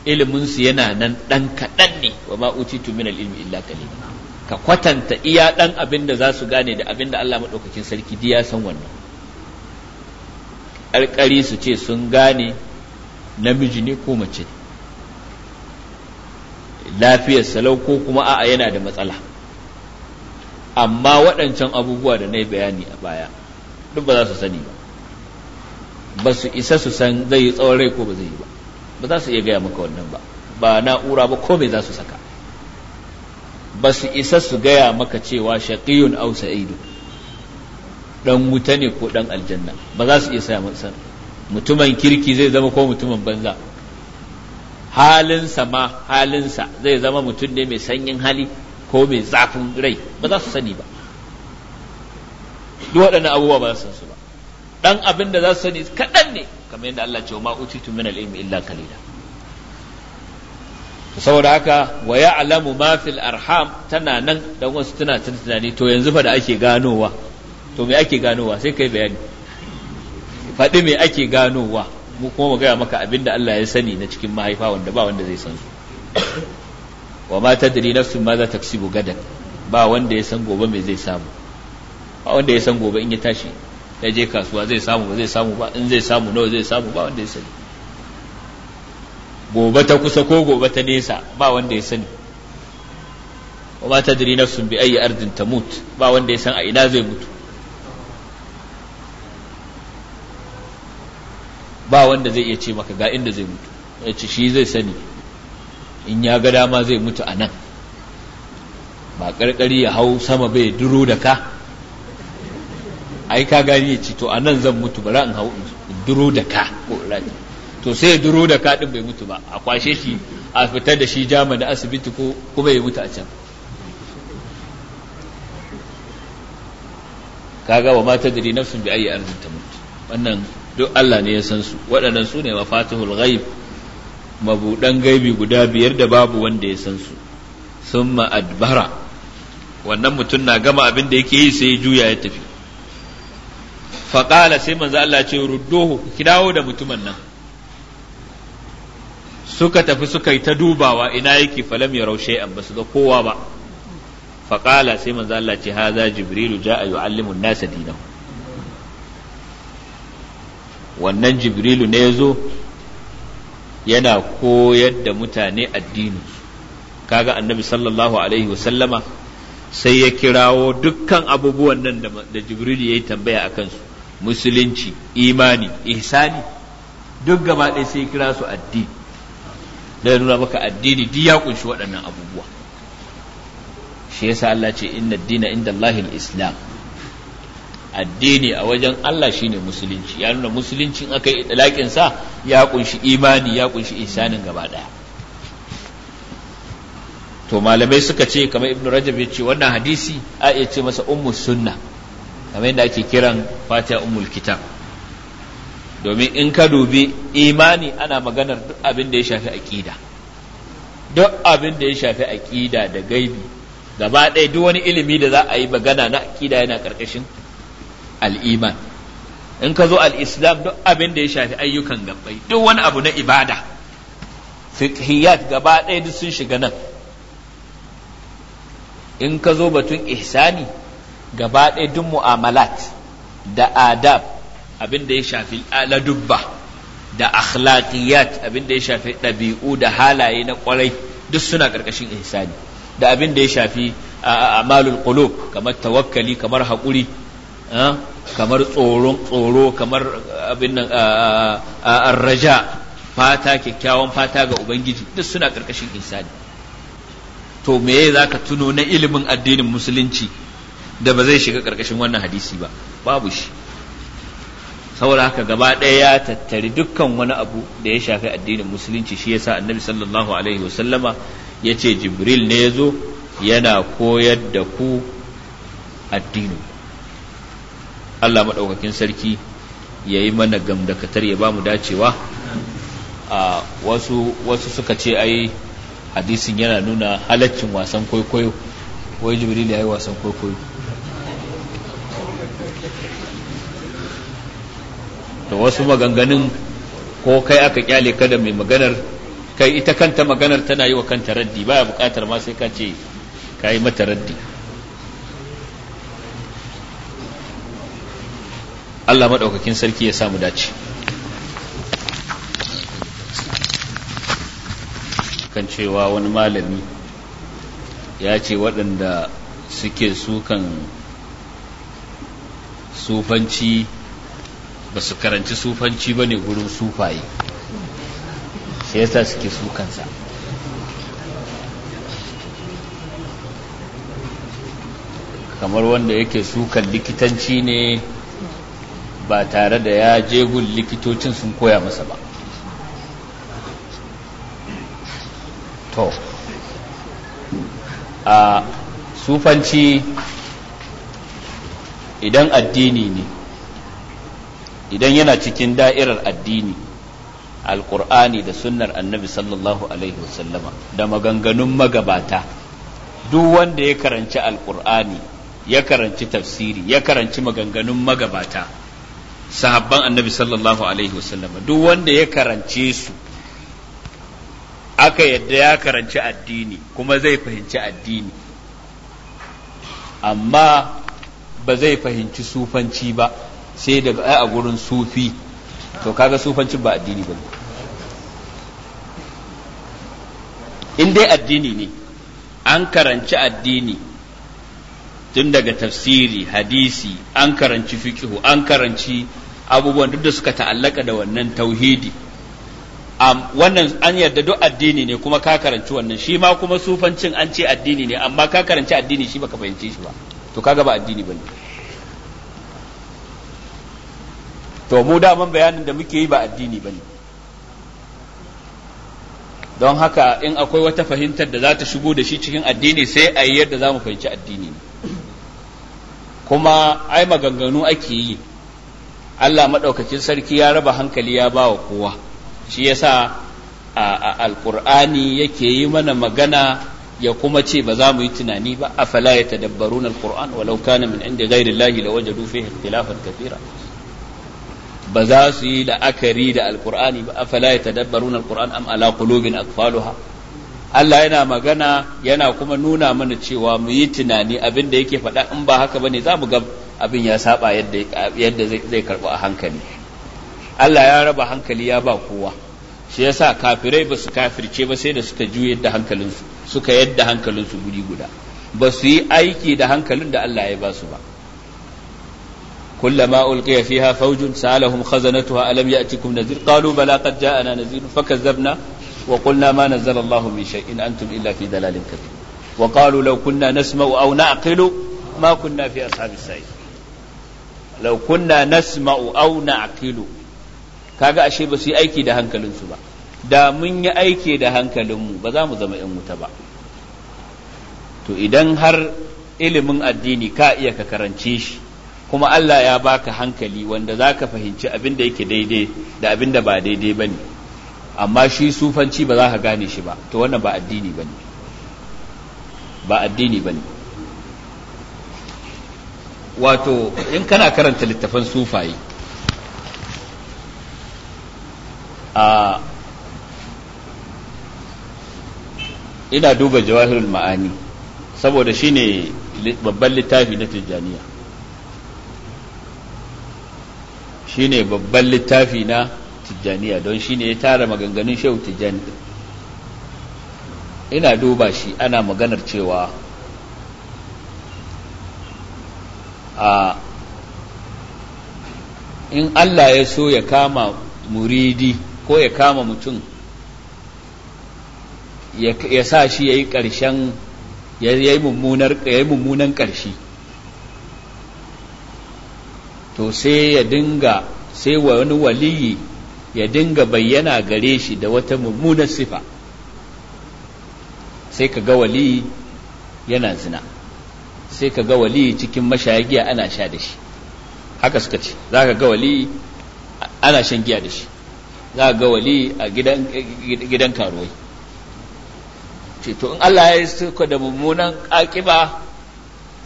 iliminsu yana nan ɗan kaɗan ne wa uci min ilmi illa kalila ka kwatanta iya ɗan abin da za su gane da abin da Allah maɗaukakin sarki ya san wannan ƙarƙari su ce sun gane namiji ne ko mace ne lafiyar salau ko kuma a'a yana da matsala amma waɗancan abubuwa da na yi bayani a baya duk ba za su sani ba ba su isa su san zai yi tsawon rai ko ba zai yi ba ba za su iya gaya maka wannan ba ba na'ura ba ko me za su saka ba su isa su gaya maka cewa shaƙiyun au sa'idu dan wuta ne ko dan aljanna ba za su iya sa mutumin kirki zai zama ko mutumin banza halinsa ma halinsa zai zama mutum ne mai sanyin hali ko mai zafin rai ba za su sani ba duk waɗannan abubuwa ba za su su ba ɗan abin da za su sani kaɗan ne kamar yadda Allah ce ma utitu min al-ilmi illa qalila saboda haka wa ya'lamu ma fil arham tana nan dan wasu tana tunani to yanzu fa da ake ganowa to me ake ganowa sai kai bayani faɗi me ake ganowa mu kuma mu gaya maka abin da Allah ya sani na cikin mahaifa wanda ba wanda zai san su wa ma tadri nafsun ma za ta kasibu gadan ba wanda ya san gobe me zai samu ba wanda ya san gobe in ya tashi ya je kasuwa zai samu ba zai samu ba in zai samu nawa zai samu ba wanda ya sani gobe ta kusa ko gobe ta nesa ba wanda ya sani wa ma tadri nafsun bi ayi ardin tamut ba wanda ya san a ina zai mutu ba wanda zai iya ce maka ga inda zai mutu ya ce shi zai sani in ya ga dama zai mutu a nan ba ƙarƙari ya hau sama bai duro da ka ai ka gani ya ce to a nan zan mutu ba in hau in duro da ka ko to sai ya duro da ka din bai mutu ba a kwashe shi a fitar da shi jama da asibiti ko kuma ya mutu a can kaga wa mata da nafsun bi ayi arzin ta mutu wannan duk Allah ne ya san su waɗannan su ne mafatihul ghaib mabudan gaibi guda biyar da babu wanda ya san su summa adbara wannan mutum na gama abin da yake yi sai juya ya tafi faƙala sai manzo Allah ce ruddohu ki dawo da mutumin nan suka tafi suka yi ta dubawa ina yake falam ya raushe an basu ga kowa ba faƙala sai manzo Allah ce haza jibrilu ja'a yu'allimu an-nasa dinahu wannan jibrilu ne ya zo yana koyar da mutane addini kaga annabi sallallahu alaihi wasallama sai ya kirawo dukkan abubuwan nan da jibrilu ya yi tambaya a kansu musulunci imani ihsani duk gaba ɗaya sai ya kira su addini da nuna maka addini duk ya kunshi waɗannan abubuwa shi yasa Allah ce inna dina inda Allahil islam addini a wajen Allah shine musulunci ya nuna musuluncin aka yi idlaƙin sa ya kunshi imani ya kunshi ihsanin gaba daya to malamai suka ce kamar ibnu rajab ya ce wannan hadisi a iya ce masa ummu sunna kamar yadda ake kiran fatiha ummul kitab domin in ka dubi imani ana maganar duk abin da ya shafi aqida duk abin da ya shafi aqida da gaibi gaba ɗaya duk wani ilimi da za a yi magana na aqida yana ƙarƙashin. al'iman in ka zo al'islam duk abin da ya shafi ayyukan gabbai duk wani abu na ibada fiqhiyat gaba ɗaya duk sun shiga nan in ka zo batun ihsani gaba ɗaya duk mu'amalat da adab abin da ya shafi aladubba da akhlaqiyat abin da ya shafi ɗabi'u da halaye na ƙwarai duk suna ƙarƙashin ihsani da abin da ya shafi a'malul qulub kamar tawakkali kamar haƙuri kamar tsoron tsoro kamar ah, abin nan ah, ah, raja fata kyakkyawan fata ga ubangiji duk suna karkashin insani to me za zaka tuno na ilimin addinin musulunci da ba zai shiga karkashin wannan hadisi ba babu shi saboda haka gaba ɗaya ya tattari dukkan wani abu da ya shafi addinin musulunci shi yasa annabi sallallahu alaihi wasallama ya ce jibril ne ya zo yana koyar da ku addinin Allah maɗaukakin sarki ya yi mana gamdakatar ya ba mu dacewa a wasu suka ce ai hadisin yana nuna halaccin wasan kwaikwayo wai jibril ya yi wasan kwaikwayo da wasu maganganun ko kai aka kyale kada mai maganar kai ita kanta maganar tana yi wa kanta raddi baya bukatar ma sai ka ce ka yi mata raddi Allah maɗaukakin sarki ya samu dace kan cewa wani malami ya ce waɗanda suke sukan sufanci ba su karanci sufanci ba ne gurin sufaye sai yasa suke sukansa kamar wanda yake sukan likitanci ne ba tare da ya je gun likitocin sun koya masa ba to a sufanci idan addini ne idan yana cikin da'irar addini alkur'ani da sunnar annabi sallallahu alaihi wasallama da maganganun magabata duk wanda ya karanci alkur'ani ya karanci tafsiri ya karanci maganganun magabata sahabban annabi sallallahu alaihi wasallam duk wanda ya karance su aka yadda ya karanci addini kuma zai fahimci addini amma ba zai fahimci sufanci ba sai daga a gurin sufi to kaga sufanci ba addini ba in dai addini ne an karanci addini tun daga tafsiri hadisi an karanci fikihu an karanci abubuwan duk da suka ta'allaka da wannan tauhidi wannan an yarda duk addini ne kuma ka karanci wannan shi ma kuma sufancin an ce addini ne amma ka karanci addini shi baka fahimce shi ba to kaga ba addini bane to mu daman bayanin da muke yi ba addini bane don haka in akwai wata fahimtar da za ta shigo da shi cikin addini sai a yi yadda za mu fahimci addini kuma ai maganganu ake yi Allah maɗaukakin sarki ya raba hankali ya ba wa kowa shi yasa a alƙur'ani yake yi mana magana ya kuma ce ba za mu yi tunani ba a fala ya tadabbarun alƙur'an walau kana min inda ghairi lahi da wajadu fihi ikhtilafan kathira ba za su yi la'akari da alƙur'ani ba a fala ya tadabbarun alƙur'an am ala qulubin aqfaluha Allah yana magana yana kuma nuna mana cewa mu yi tunani abin da yake faɗa in ba haka bane za mu ga abin ya saba yadda zai karɓi a hankali Allah ya raba hankali ya ba kowa shi yasa kafirai ba su kafirce ba sai da suka juye da hankalinsu suka yadda hankalinsu guri guda ba su yi aiki da hankalin da Allah ya ba su ba كلما ألقي فيها فوج سألهم خزنتها ألم يأتكم نذير قالوا بلى قد جاءنا نذير فكذبنا وقلنا ما نزل الله من شيء إن أنتم إلا في ضلال كبير وقالوا لو كنا نسمع أو نعقل ما كنا في أصحاب السعير law kunna nasma'u aw na'qilu kaga ashe ba su yi aiki da hankalinsu ba da mun yi aiki da hankalinmu ba za mu zama yan wuta ba to idan har ilimin addini ka iya ka karance shi kuma Allah ya baka hankali wanda zaka fahimci abin da yake daidai da abin da ba daidai bane amma shi sufanci ba za ka gane shi ba to wannan ba addini ba ba addini ba ne wato in kana karanta littafan sufaye a ina duba jawahirul ma'ani saboda shine babban littafi na tijjaniya shine babban littafi na tijjaniya don shine ya tara maganganun shehu tijjani ina duba shi ana maganar cewa a in Allah ya so ya kama muridi ko ya kama mutum ya sa shi ya yi ƙarshen ya yi mummunan ƙarshi to sai ya dinga sai wani waliyi ya dinga bayyana gare shi da wata mummunar sifa sai ka ga waliyi yana zina sai ka ga wali cikin mashaya giya ana sha da shi haka suka ce za ka ga wali ana shan giya da shi za ka ga wali a gidan karuwai ce to in Allah ya suka da mummunan ƙaƙiba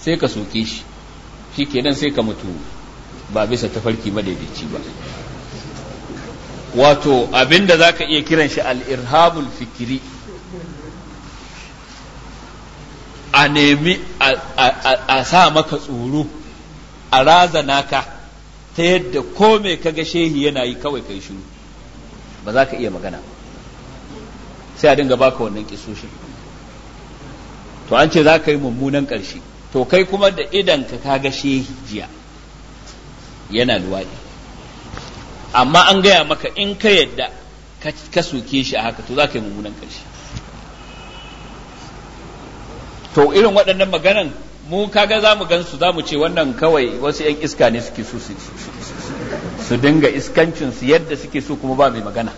sai ka soke shi shi kenan sai ka mutu ba bisa tafarki madaidaici ba wato abinda za ka iya kiran shi al-irhabul fikiri a nemi a sa maka tsoro a razana ka ta yadda ko me kaga shehi yana yi kawai kai shiru ba za ka iya magana sai a dinga baka wannan kisoshin to an ce za ka yi mummunan ƙarshe to kai kuma da idan ka kaga shehi jiya yana luwaɗi amma an gaya maka in ka yadda ka soke shi a haka to za ka yi mummunan ƙarshe to irin waɗannan maganan mu kaga za mu gansu za mu ce wannan kawai wasu 'yan iska ne suke so su dinga iskancin su yadda suke so kuma ba mai magana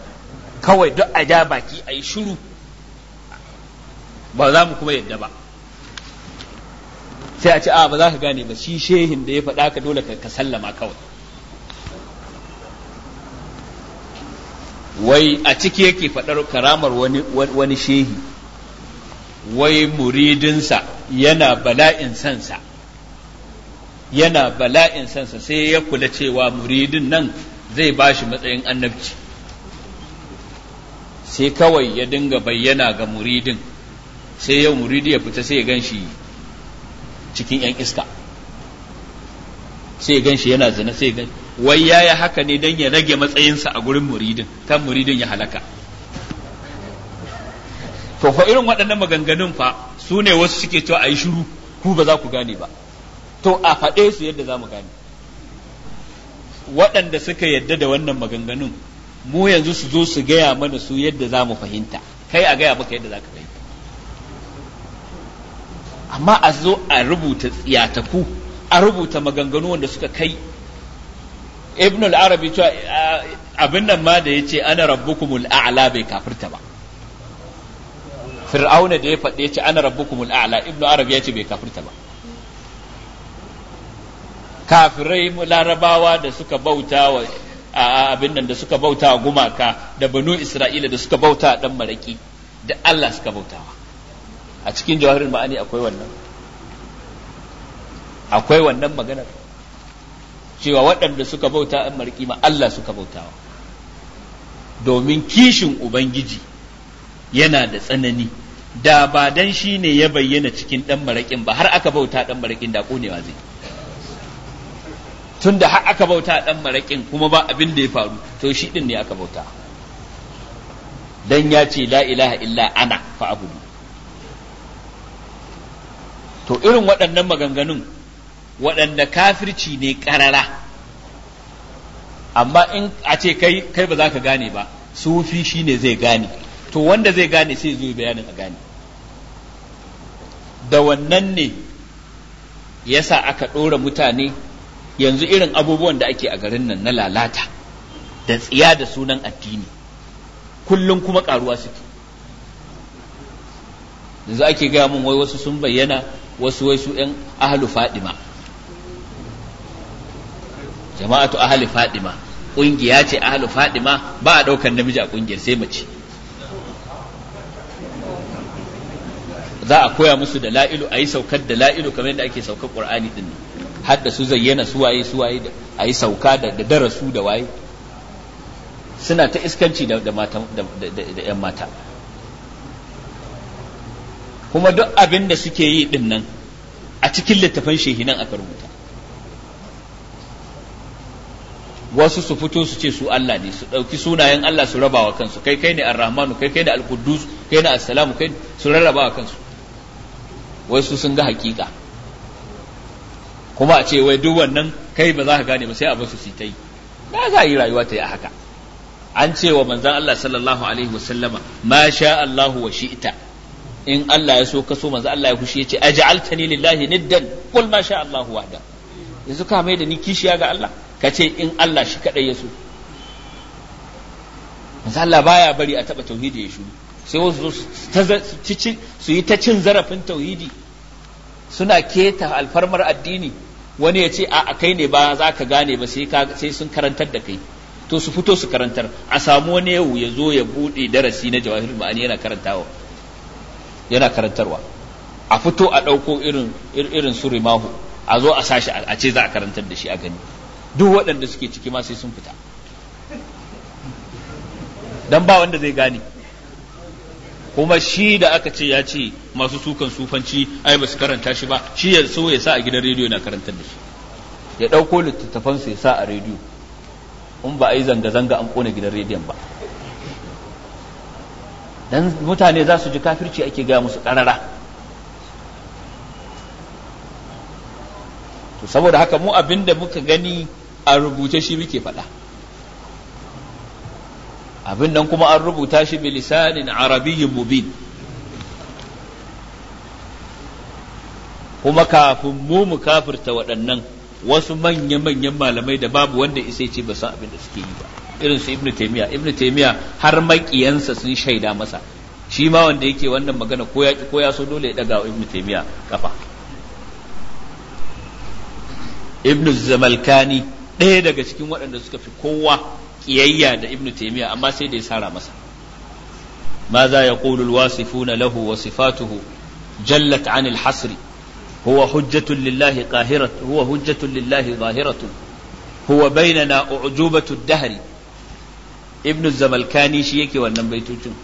kawai duk a ja baki a yi shiru ba za mu kuma yadda ba sai a ce a ba za ka gane ba shi shehin da ya faɗa ka dole ka sallama kawai wai a ciki yake faɗar karamar wani shehi wai muridinsa yana bala'in sansa yana bala'in sansa sai ya kula cewa muridin nan zai ba shi matsayin annabci sai kawai ya dinga bayyana ga muridin sai yau muridi ya fita sai ya gan shi cikin 'yan iska sai ya gan shi yana zina sai ya gan wai yaya haka ne don ya rage matsayinsa a gurin muridin ta muridin ya halaka to fa irin waɗannan maganganun fa su ne wasu suke cewa a yi shiru ku ba za ku gane ba to a faɗe su yadda za mu gane waɗanda suka yadda da wannan maganganun mu yanzu su zo su gaya mana su yadda za mu fahimta kai a gaya maka yadda za ka fahimta amma a zo a rubuta tsiyataku a rubuta maganganu wanda suka kai ibn al-arabi cewa ah, abin nan ma da yace ana rabbukumul a'la bai kafirta ba fir'auna da ya faɗe ci ana rabbukumul a'la ibnu arab ya ce bai kafirta ba kafirai larabawa da suka bauta wa abin nan da suka bauta wa gumaka da banu isra'ila da suka bauta dan maraki da Allah suka bautawa a cikin jawahirin ma'ani akwai wannan akwai wannan maganar cewa waɗanda suka bauta an mariki ma Allah suka bautawa domin kishin ubangiji yana da tsanani da ba dan shi ne ya bayyana cikin dan maraƙin ba har aka bauta dan maraƙin da konewa zai tun da har aka bauta dan maraƙin kuma ba abin da ya faru to shi din ne aka bauta dan ya ce la ilaha illa ana fa abudu to irin waɗannan maganganun waɗanda kafirci ne ƙarara amma in a ce kai ba za ka gane ba sufi ne zai gane to wanda zai gane sai zo bayanin a gane da wannan ne yasa aka ɗora mutane yanzu irin abubuwan da ake a garin nan na lalata da tsiya da sunan addini kullum kuma ƙaruwa suke yanzu ake gaya min wai wasu sun bayyana wasu wai su ‘yan ahalu fadima jama'atu ahalu fadima ƙungiya ce ahalu fadima ba a ɗaukar namiji a ƙungiyar sai mace za a koya musu da la'ilu a yi saukar da la'ilu kamar yadda ake saukar qur'ani din har da su zayyana suwaye waye a yi sauka da darasu da waye suna ta iskanci da yan mata kuma duk abin da suke yi ɗin nan a cikin littafan shehinan aka rubuta wasu su fito su ce su Allah ne su ɗauki sunayen Allah su rabawa kansu kai kai ne ar-rahmanu kai kai ne al-quddus kai ne assalamu salamu kai su rarrabawa kansu wai su sun ga hakika kuma a ce wai duk wannan kai ba za ka gane ba sai a su su ta yi ba za a yi rayuwa ta yi a haka an ce wa manzan Allah sallallahu alaihi wasallama ma sha Allah wa shi'ta in Allah ya so ka so manzan Allah ya kushi ce, aj'altani lillahi niddan qul ma sha Allah wahda yanzu ka mai da ni kishiya ga Allah ka ce in Allah shi kadai ya so manzan Allah baya bari a taba tauhidi ya shuru sai wasu su yi ta cin zarafin tauhidi suna keta alfarmar addini wani ya ce a kai ne ba za ka gane ba sai sun karantar da kai to su fito su karantar a samu wani yau ya zo ya buɗe darasi na jawahir ma'ani yana karantawa yana karantarwa a fito a ɗauko irin su a zo a sashi a ce za a karantar da shi a gani duk waɗanda suke ciki ma sai sun fita don ba wanda zai gane kuma shi da aka ce ya ce masu sukan sufanci ai ba su karanta shi ba shi ya so ya sa a gidan rediyo na karantar da shi ya ɗauko littattafan su ya sa a rediyo in ba a yi zanga-zanga an ƙone gidan rediyon ba dan mutane za su ji kafirci ake gaya musu ƙarara to saboda haka mu abin da muka gani a rubuce shi muke faɗa abin nan kuma an rubuta shi bilisanin arabiyyin mubin kuma kafin mu mu kafirta waɗannan wasu manya-manyan malamai da babu wanda isa ce ba san abin da suke yi ba irin su ibnu taymiya ibnu taymiya har makiyansa sun shaida masa shi ma wanda yake wannan magana ko ya ko ya so dole ya daga wa ibnu taymiya kafa ibnu zamalkani ɗaya daga cikin waɗanda suka fi kowa kiyayya da ibnu taymiya amma sai da ya sara masa ماذا يقول الواصفون له وصفاته جلت عن الحصر هو حجة لله قاهرة هو حجة لله ظاهرة هو بيننا أعجوبة الدهر ابن الزملكاني شيكي wannan baitocin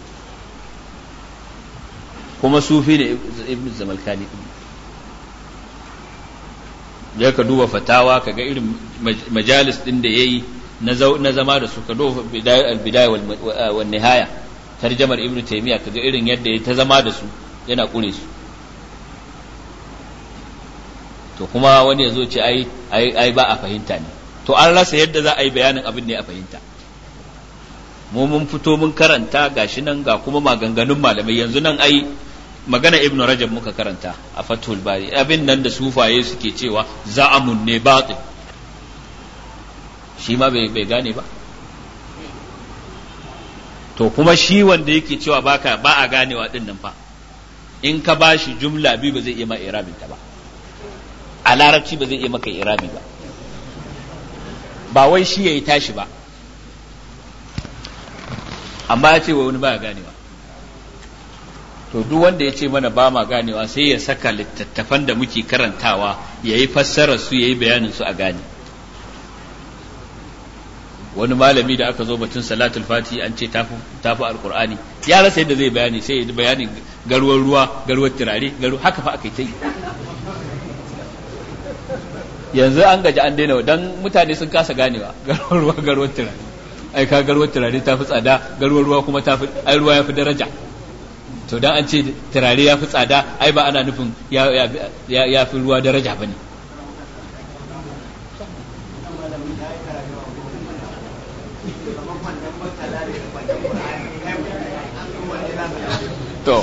kuma sufi ne ibn zamalkani ya ka duba fatawa kaga irin majalis din da yayi na zama da su ka do bidaya wal nihaya tarjamar ibnu taymiya kaga irin yadda ya ta zama da su yana kure su to kuma wani ya zo ce ai ai ba a fahimta ne to an rasa yadda za a yi bayanin abin ne a fahimta mu mun fito mun karanta gashi nan ga kuma maganganun malamai yanzu nan ai magana ibn rajab muka karanta a fatul bari abin nan da sufaye suke cewa za'amun ne batil shi ma bai gane ba to kuma shi wanda yake cewa baka ba a ganewa din nan fa in ka ba shi jumla biyu ba zai iya ma irabin ta ba a larabci ba zai iya maka irabi ba ba wai shi ya yi tashi ba amma ya ce wa wani a ganewa to duk wanda ya ce mana ba ma ganewa sai ya saka littattafan da muke karantawa ya yi fassararsu su ya yi bayanin su a gane wani malami da aka zo batun salatul fati an ce tafi alkur'ani ya rasa yadda zai bayani sai ya bayani garwar ruwa garwar turare garu haka fa aka yi ta yi yanzu an gaji an daina dan mutane sun kasa ganewa garwar ruwa garwar turare ai ka garwar turare ta fi tsada garwar ruwa kuma ta fi ai ruwa ya fi daraja to dan an ce turare ya fi tsada ai ba ana nufin ya ya ya fi ruwa daraja bane to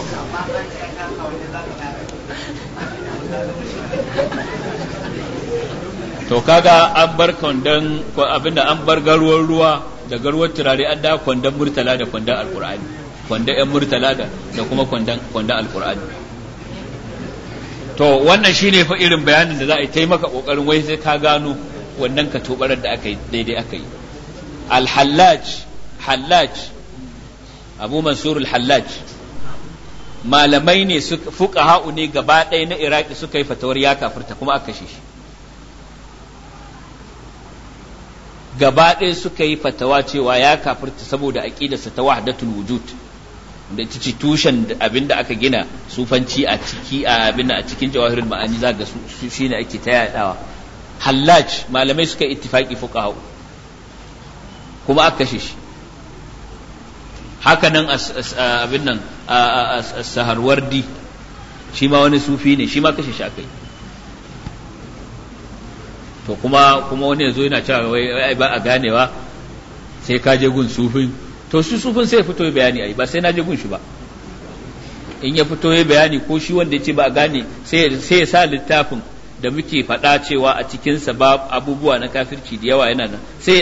to kaga an bar kwandon abinda an bar garwar ruwa da garwar turare an da kwandon murtala da kwandon alkur'ani kwandon yan murtala da kuma kwandon alkur'ani to wannan shine fa irin bayanin da za a yi taimaka kokarin wai sai ka gano wannan ka tobarar da aka yi daidai aka yi alhallaj hallaj abu mansur al-hallaj malamai ne fuka ha'u ne gaba ɗaya na iraki suka yi fatawar ya kafirta kuma aka kashe shi gaba ɗaya suka yi fatawa cewa ya kafirta saboda aƙidarsa ta wahdatul wujud da ita tushen abin da aka gina sufanci a ciki a abin a cikin jawahirin ma'ani za ga su ne ake ta yaɗawa hallaj malamai suka fuka ha'u kuma aka kashe shi haka nan abin nan wardi shi ma wani sufi ne shi ma kashe shakai to kuma kuma wani yanzu yana cewa wai ba a ganewa sai ka je gun sufin to shi sufin sai fito ya bayani ai ba sai na je gun shi ba in ya fito ya bayani ko shi wanda ya ce ba a gane sai ya sa littafin da muke faɗa cewa a cikinsa ba abubuwa na kafirci da yawa yana nan sai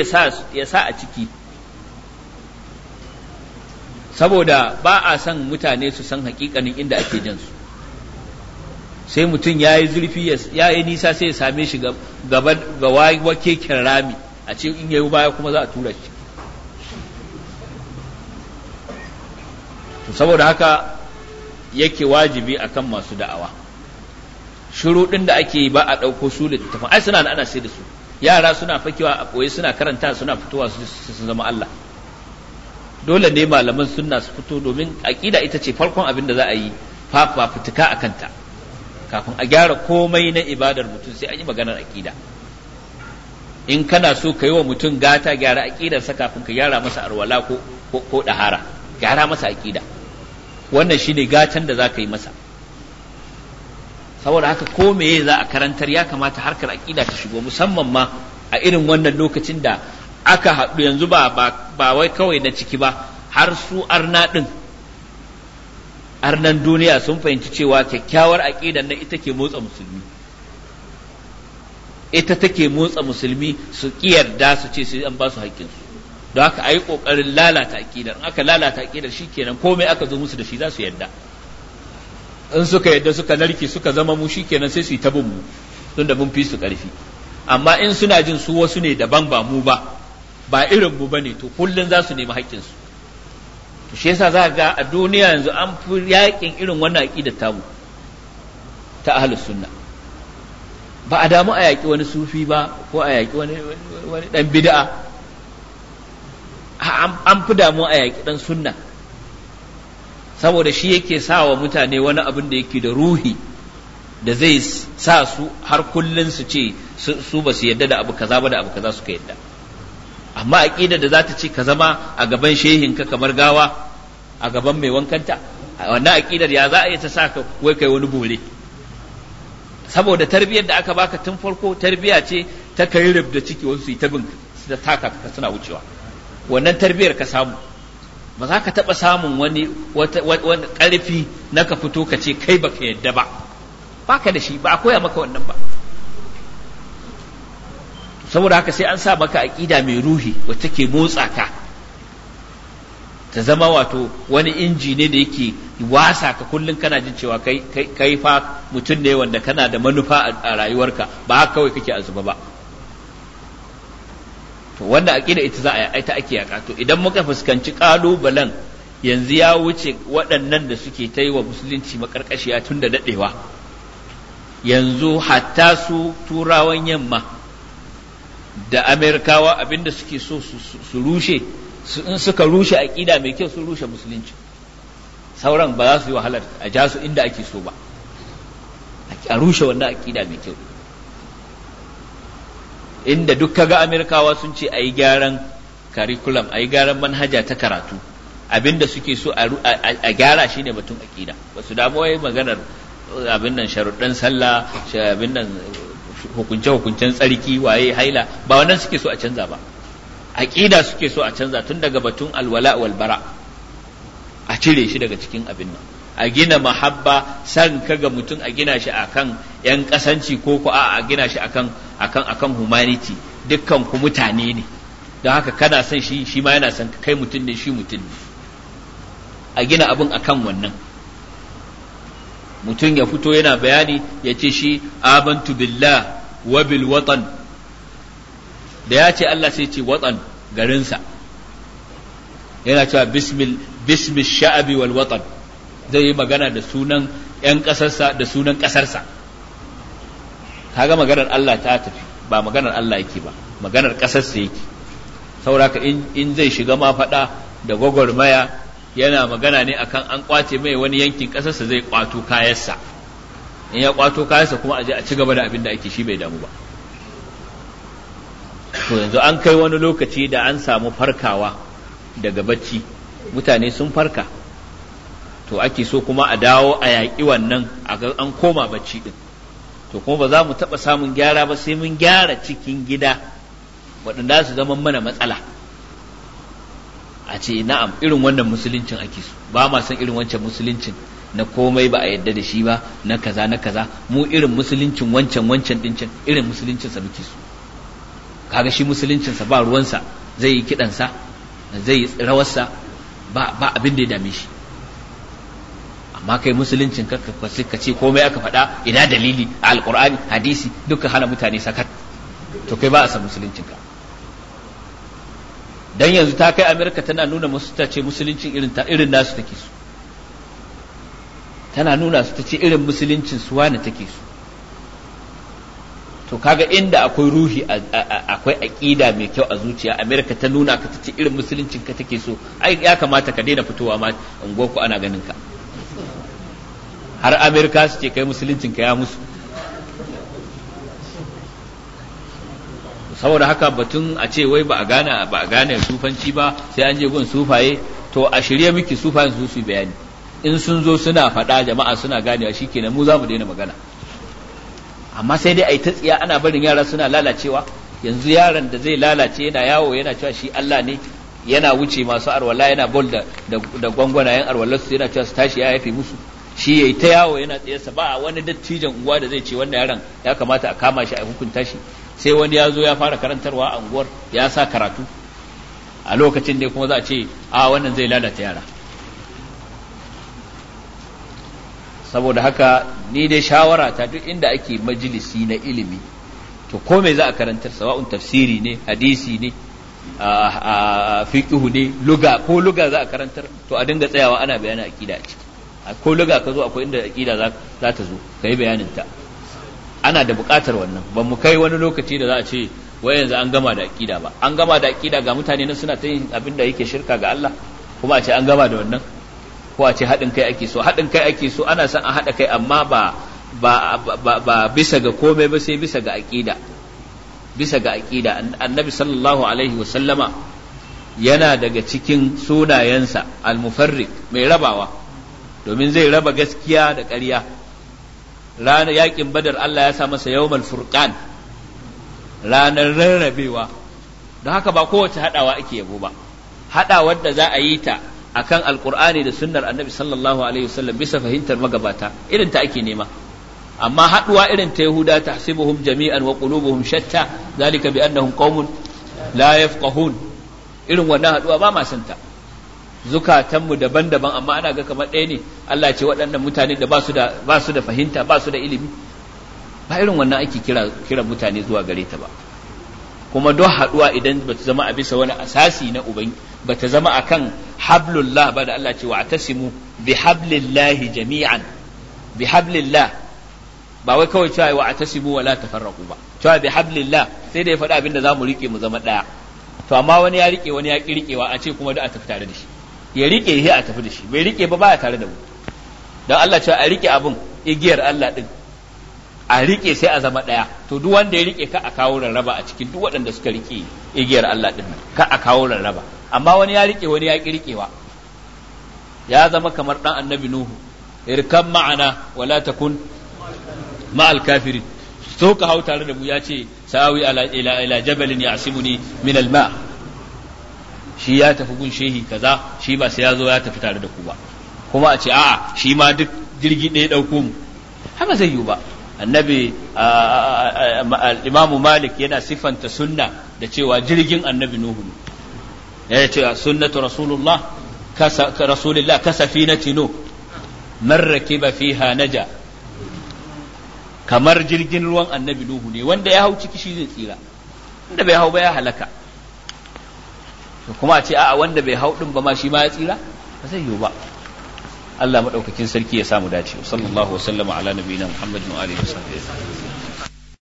ya sa a ciki saboda ba a san mutane su san hakikanin inda ake jin su sai mutum ya yi zurfi ya yi nisa sai ya same shi gaba ga wake rami a ce in yayi baya kuma za a tura shi saboda haka yake wajibi akan masu da'awa shiru shuruɗin da ake yi ba a ɗauko su littattafan ai suna da ana sai da su yara suna fakewa a ɓoye suna karanta suna fitowa su zama Allah dole ne malaman sunna su fito domin aƙida ita ce farkon abin da za a yi fafutuka a kanta kafin a gyara komai na ibadar mutum sai a yi maganar aƙida in kana so ka yi wa mutum gata gyara aƙidarsa kafin ka gyara masa arwala ko ɗahara gyara masa aƙida wannan shine gatan da za ka yi masa saboda haka ko meye za a karantar ya kamata harkar aƙida ta shigo musamman ma a irin wannan lokacin da aka haɗu yanzu ba ba wai kawai na ciki ba har su arna ɗin arnan duniya sun fahimci cewa kyakkyawar aƙidar nan ita ke motsa musulmi ita take motsa musulmi su da su ce sai an ba su haƙƙinsu don haka a yi ƙoƙarin lalata aƙidar in aka lalata aƙidar shi kenan komai aka zo musu da shi za su yarda in suka yarda suka narke suka zama mu shi kenan sai su yi ta mu tunda mun fi su ƙarfi amma in suna jin su wasu ne daban ba mu ba ba irin mu bane to kullun za su nemi haƙƙin su to shi yasa za ga a duniya yanzu an fi yaƙin irin wannan aqidar tamu ta ahlus sunna ba a damu a yaƙi wani sufi ba ko a yaƙi wani wani dan bid'a an fi damu a yaƙi dan sunna saboda shi yake sa wa mutane wani abin da yake da ruhi da zai sa su har kullun su ce su ba su yadda da abu kaza ba da abu kaza suka yadda amma aqida da za ta ce ka zama a gaban shehin ka kamar gawa a gaban mai wankanta wannan aqidar ya za a yi ta sa ka wai kai wani bore saboda tarbiyyar da aka baka tun farko tarbiyya ce ta kai rib da ciki wasu ta bin da taka ka suna wucewa wannan tarbiyyar ka samu ba za ka taɓa samun wani ƙarfi na ka fito ka ce kai baka yadda ba baka da shi ba a koya maka wannan ba saboda haka sai an sa maka aƙida mai ruhi wacce ke motsa ka ta zama wato wani inji ne da yake wasa ka kullum kana jin cewa kai fa mutum ne wanda kana da manufa a rayuwarka ba kawai kake azuba ba to wanda aqida ita za a ita ake yaka to idan muka fuskanci ƙalubalen yanzu ya wuce waɗannan da suke ta yi wa musulunci makarkashiya tun da daɗewa yanzu hatta su turawan yamma da amerikawa abinda suke so su rushe in suka rushe aƙida mai kyau sun rushe musulunci sauran ba za su yi wahalar a ja su inda ake so ba a rushe wannan aƙida mai kyau inda duk kaga amerikawa sun ce a yi gyaran curriculum a yi gyaran manhaja ta karatu abinda suke so a gyara shi ne batun aƙida ba su damuwa yi maganar abin nan sharuɗan sallah abin nan hukunce hukuncen tsarki waye haila ba wannan suke so a canza ba aqida suke so a canza tun daga batun alwala wal bara a cire shi daga cikin abin nan a gina mahabba san kaga mutum a gina shi akan yan kasanci ko ko a gina shi akan akan akan humanity dukkan ku mutane ne don haka kana son shi shi ma yana son kai mutum ne shi mutum ne a gina abin akan wannan mutum ya fito yana bayani ya ce shi abantu billah wa bil watan da ya ce Allah sai ce watan garinsa yana cewa bismil bismil sha'abi wal watan zai yi magana da sunan yan kasarsa da sunan kasarsa kaga maganar Allah ta tafi ba maganar Allah yake ba maganar kasarsa yake sauraka in zai shiga ma faɗa da gwagwarmaya yana magana ne akan an kwace mai wani yankin ƙasarsa zai kwato kayarsa in ya kwato kayarsa kuma a je a ci gaba da abin da ake shi bai damu ba to yanzu an kai wani lokaci da an samu farkawa daga bacci mutane sun farka to ake so kuma a dawo a yaƙi wannan an koma bacci din to kuma ba za mu taɓa samun gyara ba sai mun gyara cikin gida waɗanda su zama mana matsala a ce na'am irin wannan musuluncin ake so ba ma san irin wancan musuluncin na komai ba a yadda da shi ba na kaza na kaza mu irin musuluncin wancan wancan dincin irin musuluncin sa muke so kaga shi musuluncin sa ba ruwansa zai yi sa zai yi rawarsa ba ba abin da ya dame shi amma kai musuluncin ka ka ce komai aka faɗa ina dalili a alqur'ani hadisi duka hana mutane sakat to kai ba a san musuluncin ka dan yanzu ta kai amerika tana nuna musu ta ce musuluncin irin ta irin nasu take su tana nuna su ta ce irin musuluncin su wani take su to kaga inda akwai ruhi akwai aƙida mai kyau a zuciya amerika ta nuna ka ta ce irin musuluncin ka take so ai ya kamata ka daina fitowa ma unguwarku ana ganin ka har amerika su ce kai musuluncin ka ya musu saboda haka batun a ce wai ba a gane ba a gane sufanci ba sai an je gun sufaye to a shirye miki sufayen su su bayani in sun zo suna faɗa jama'a suna ganewa shikenan mu za mu daina magana amma sai dai a yi ta tsiya ana barin yara suna lalacewa yanzu yaron da zai lalace yana yawo yana cewa shi Allah ne yana wuce masu arwala yana bol da da gwangwanayen su yana cewa su tashi ya yafe musu shi yayi ta yawo yana tsayarsa ba wani dattijan uwa da zai ce wannan yaran ya kamata a kama shi a hukunta shi sai wani ya zo ya fara karantarwa a unguwar ya sa karatu a lokacin da kuma za a ce a wannan zai lalata yara saboda haka ni dai shawara ta duk inda ake majalisi na ilimi to ko mai za a karantar sawa'un tafsiri ne hadisi ne a fiƙihu ne luga ko luga za a karantar to a dinga tsayawa ana bayanin aqida a ciki ko luga ka zo akwai inda ƙida za ta zo ka bayanin ta ana da buƙatar wannan ba mu kai wani lokaci da za a ce wai yanzu an gama da aƙida ba an gama da aƙida ga mutane na suna ta yin abin da yake shirka ga Allah kuma a ce an gama da wannan ko a ce haɗin kai ake so haɗin kai ake so ana son a haɗa kai amma ba ba, ba bisa ga komai ba sai bisa ga aƙida bisa ga aƙida annabi sallallahu alaihi wa sallama yana daga cikin sunayensa al-mufarriq mai rabawa domin zai raba gaskiya da ƙarya ranar yakin badar Allah ya sa masa yawmal furqan ranar rarrabewa don haka ba kowace hadawa ake yabo ba hadawar da za a yi ta akan alqur'ani da sunnar annabi sallallahu alaihi wasallam bisa fahimtar magabata irin ta ake nema amma haduwa irin ta yahuda tahsibuhum jami'an wa qulubuhum shatta zalika bi annahum qaumun la yafqahun irin wannan haduwa ba ma santa zukatanmu daban-daban amma ana ga kamar ɗaya ne Allah ce waɗannan mutane da ba su da da fahimta ba su da ilimi ba irin wannan ake kira mutane zuwa gare ta ba kuma don haɗuwa idan ba ta zama a bisa wani asasi na uban ba ta zama akan hablullah ba da Allah ce wa atasimu bi hablillahi jami'an bi hablillah ba wai kawai cewa wa atasimu wala tafarraqu ba cewa bi hablillah sai da ya faɗi abin da mu riƙe mu zama ɗaya to amma wani ya rike wani ya ƙi rikewa a ce kuma da a tafi tare da shi ya rike shi a tafi da shi bai rike ba baya tare da mu don Allah cewa a riƙe abin igiyar Allah din a rike sai a zama ɗaya to duk wanda ya rike ka a kawo rarraba a cikin duk waɗanda suka rike igiyar Allah din ka a kawo rarraba amma wani ya rike wani ya ki rikewa ya zama kamar dan annabi nuhu irkan ma'ana wala takun ma'al kafirin so ka hau tare da mu ya ce sa'awi ila jabalin ya asimuni min al-ma' shi ya tafi gun shehi kaza shi ba sai ya zo ya tafi tare da ku ba kuma a ce a'a shi ma duk jirgi ɗaya ɗauko mu haka zai yiwu ba annabi imamu malik yana siffanta sunna da cewa jirgin annabi nuhu ne ya ce sunnatu rasulullah rasulullah kasafi na tino marrake ba fi naja kamar jirgin ruwan annabi nuhu ne wanda ya hau ciki shi zai tsira wanda bai hau ba ya halaka to kuma a ce a'a wanda bai hau din ba ma shi ma ya tsira ba zai yiwu ba Allah madaukakin sarki ya samu dace sallallahu wasallama ala nabiyina muhammadin wa alihi wa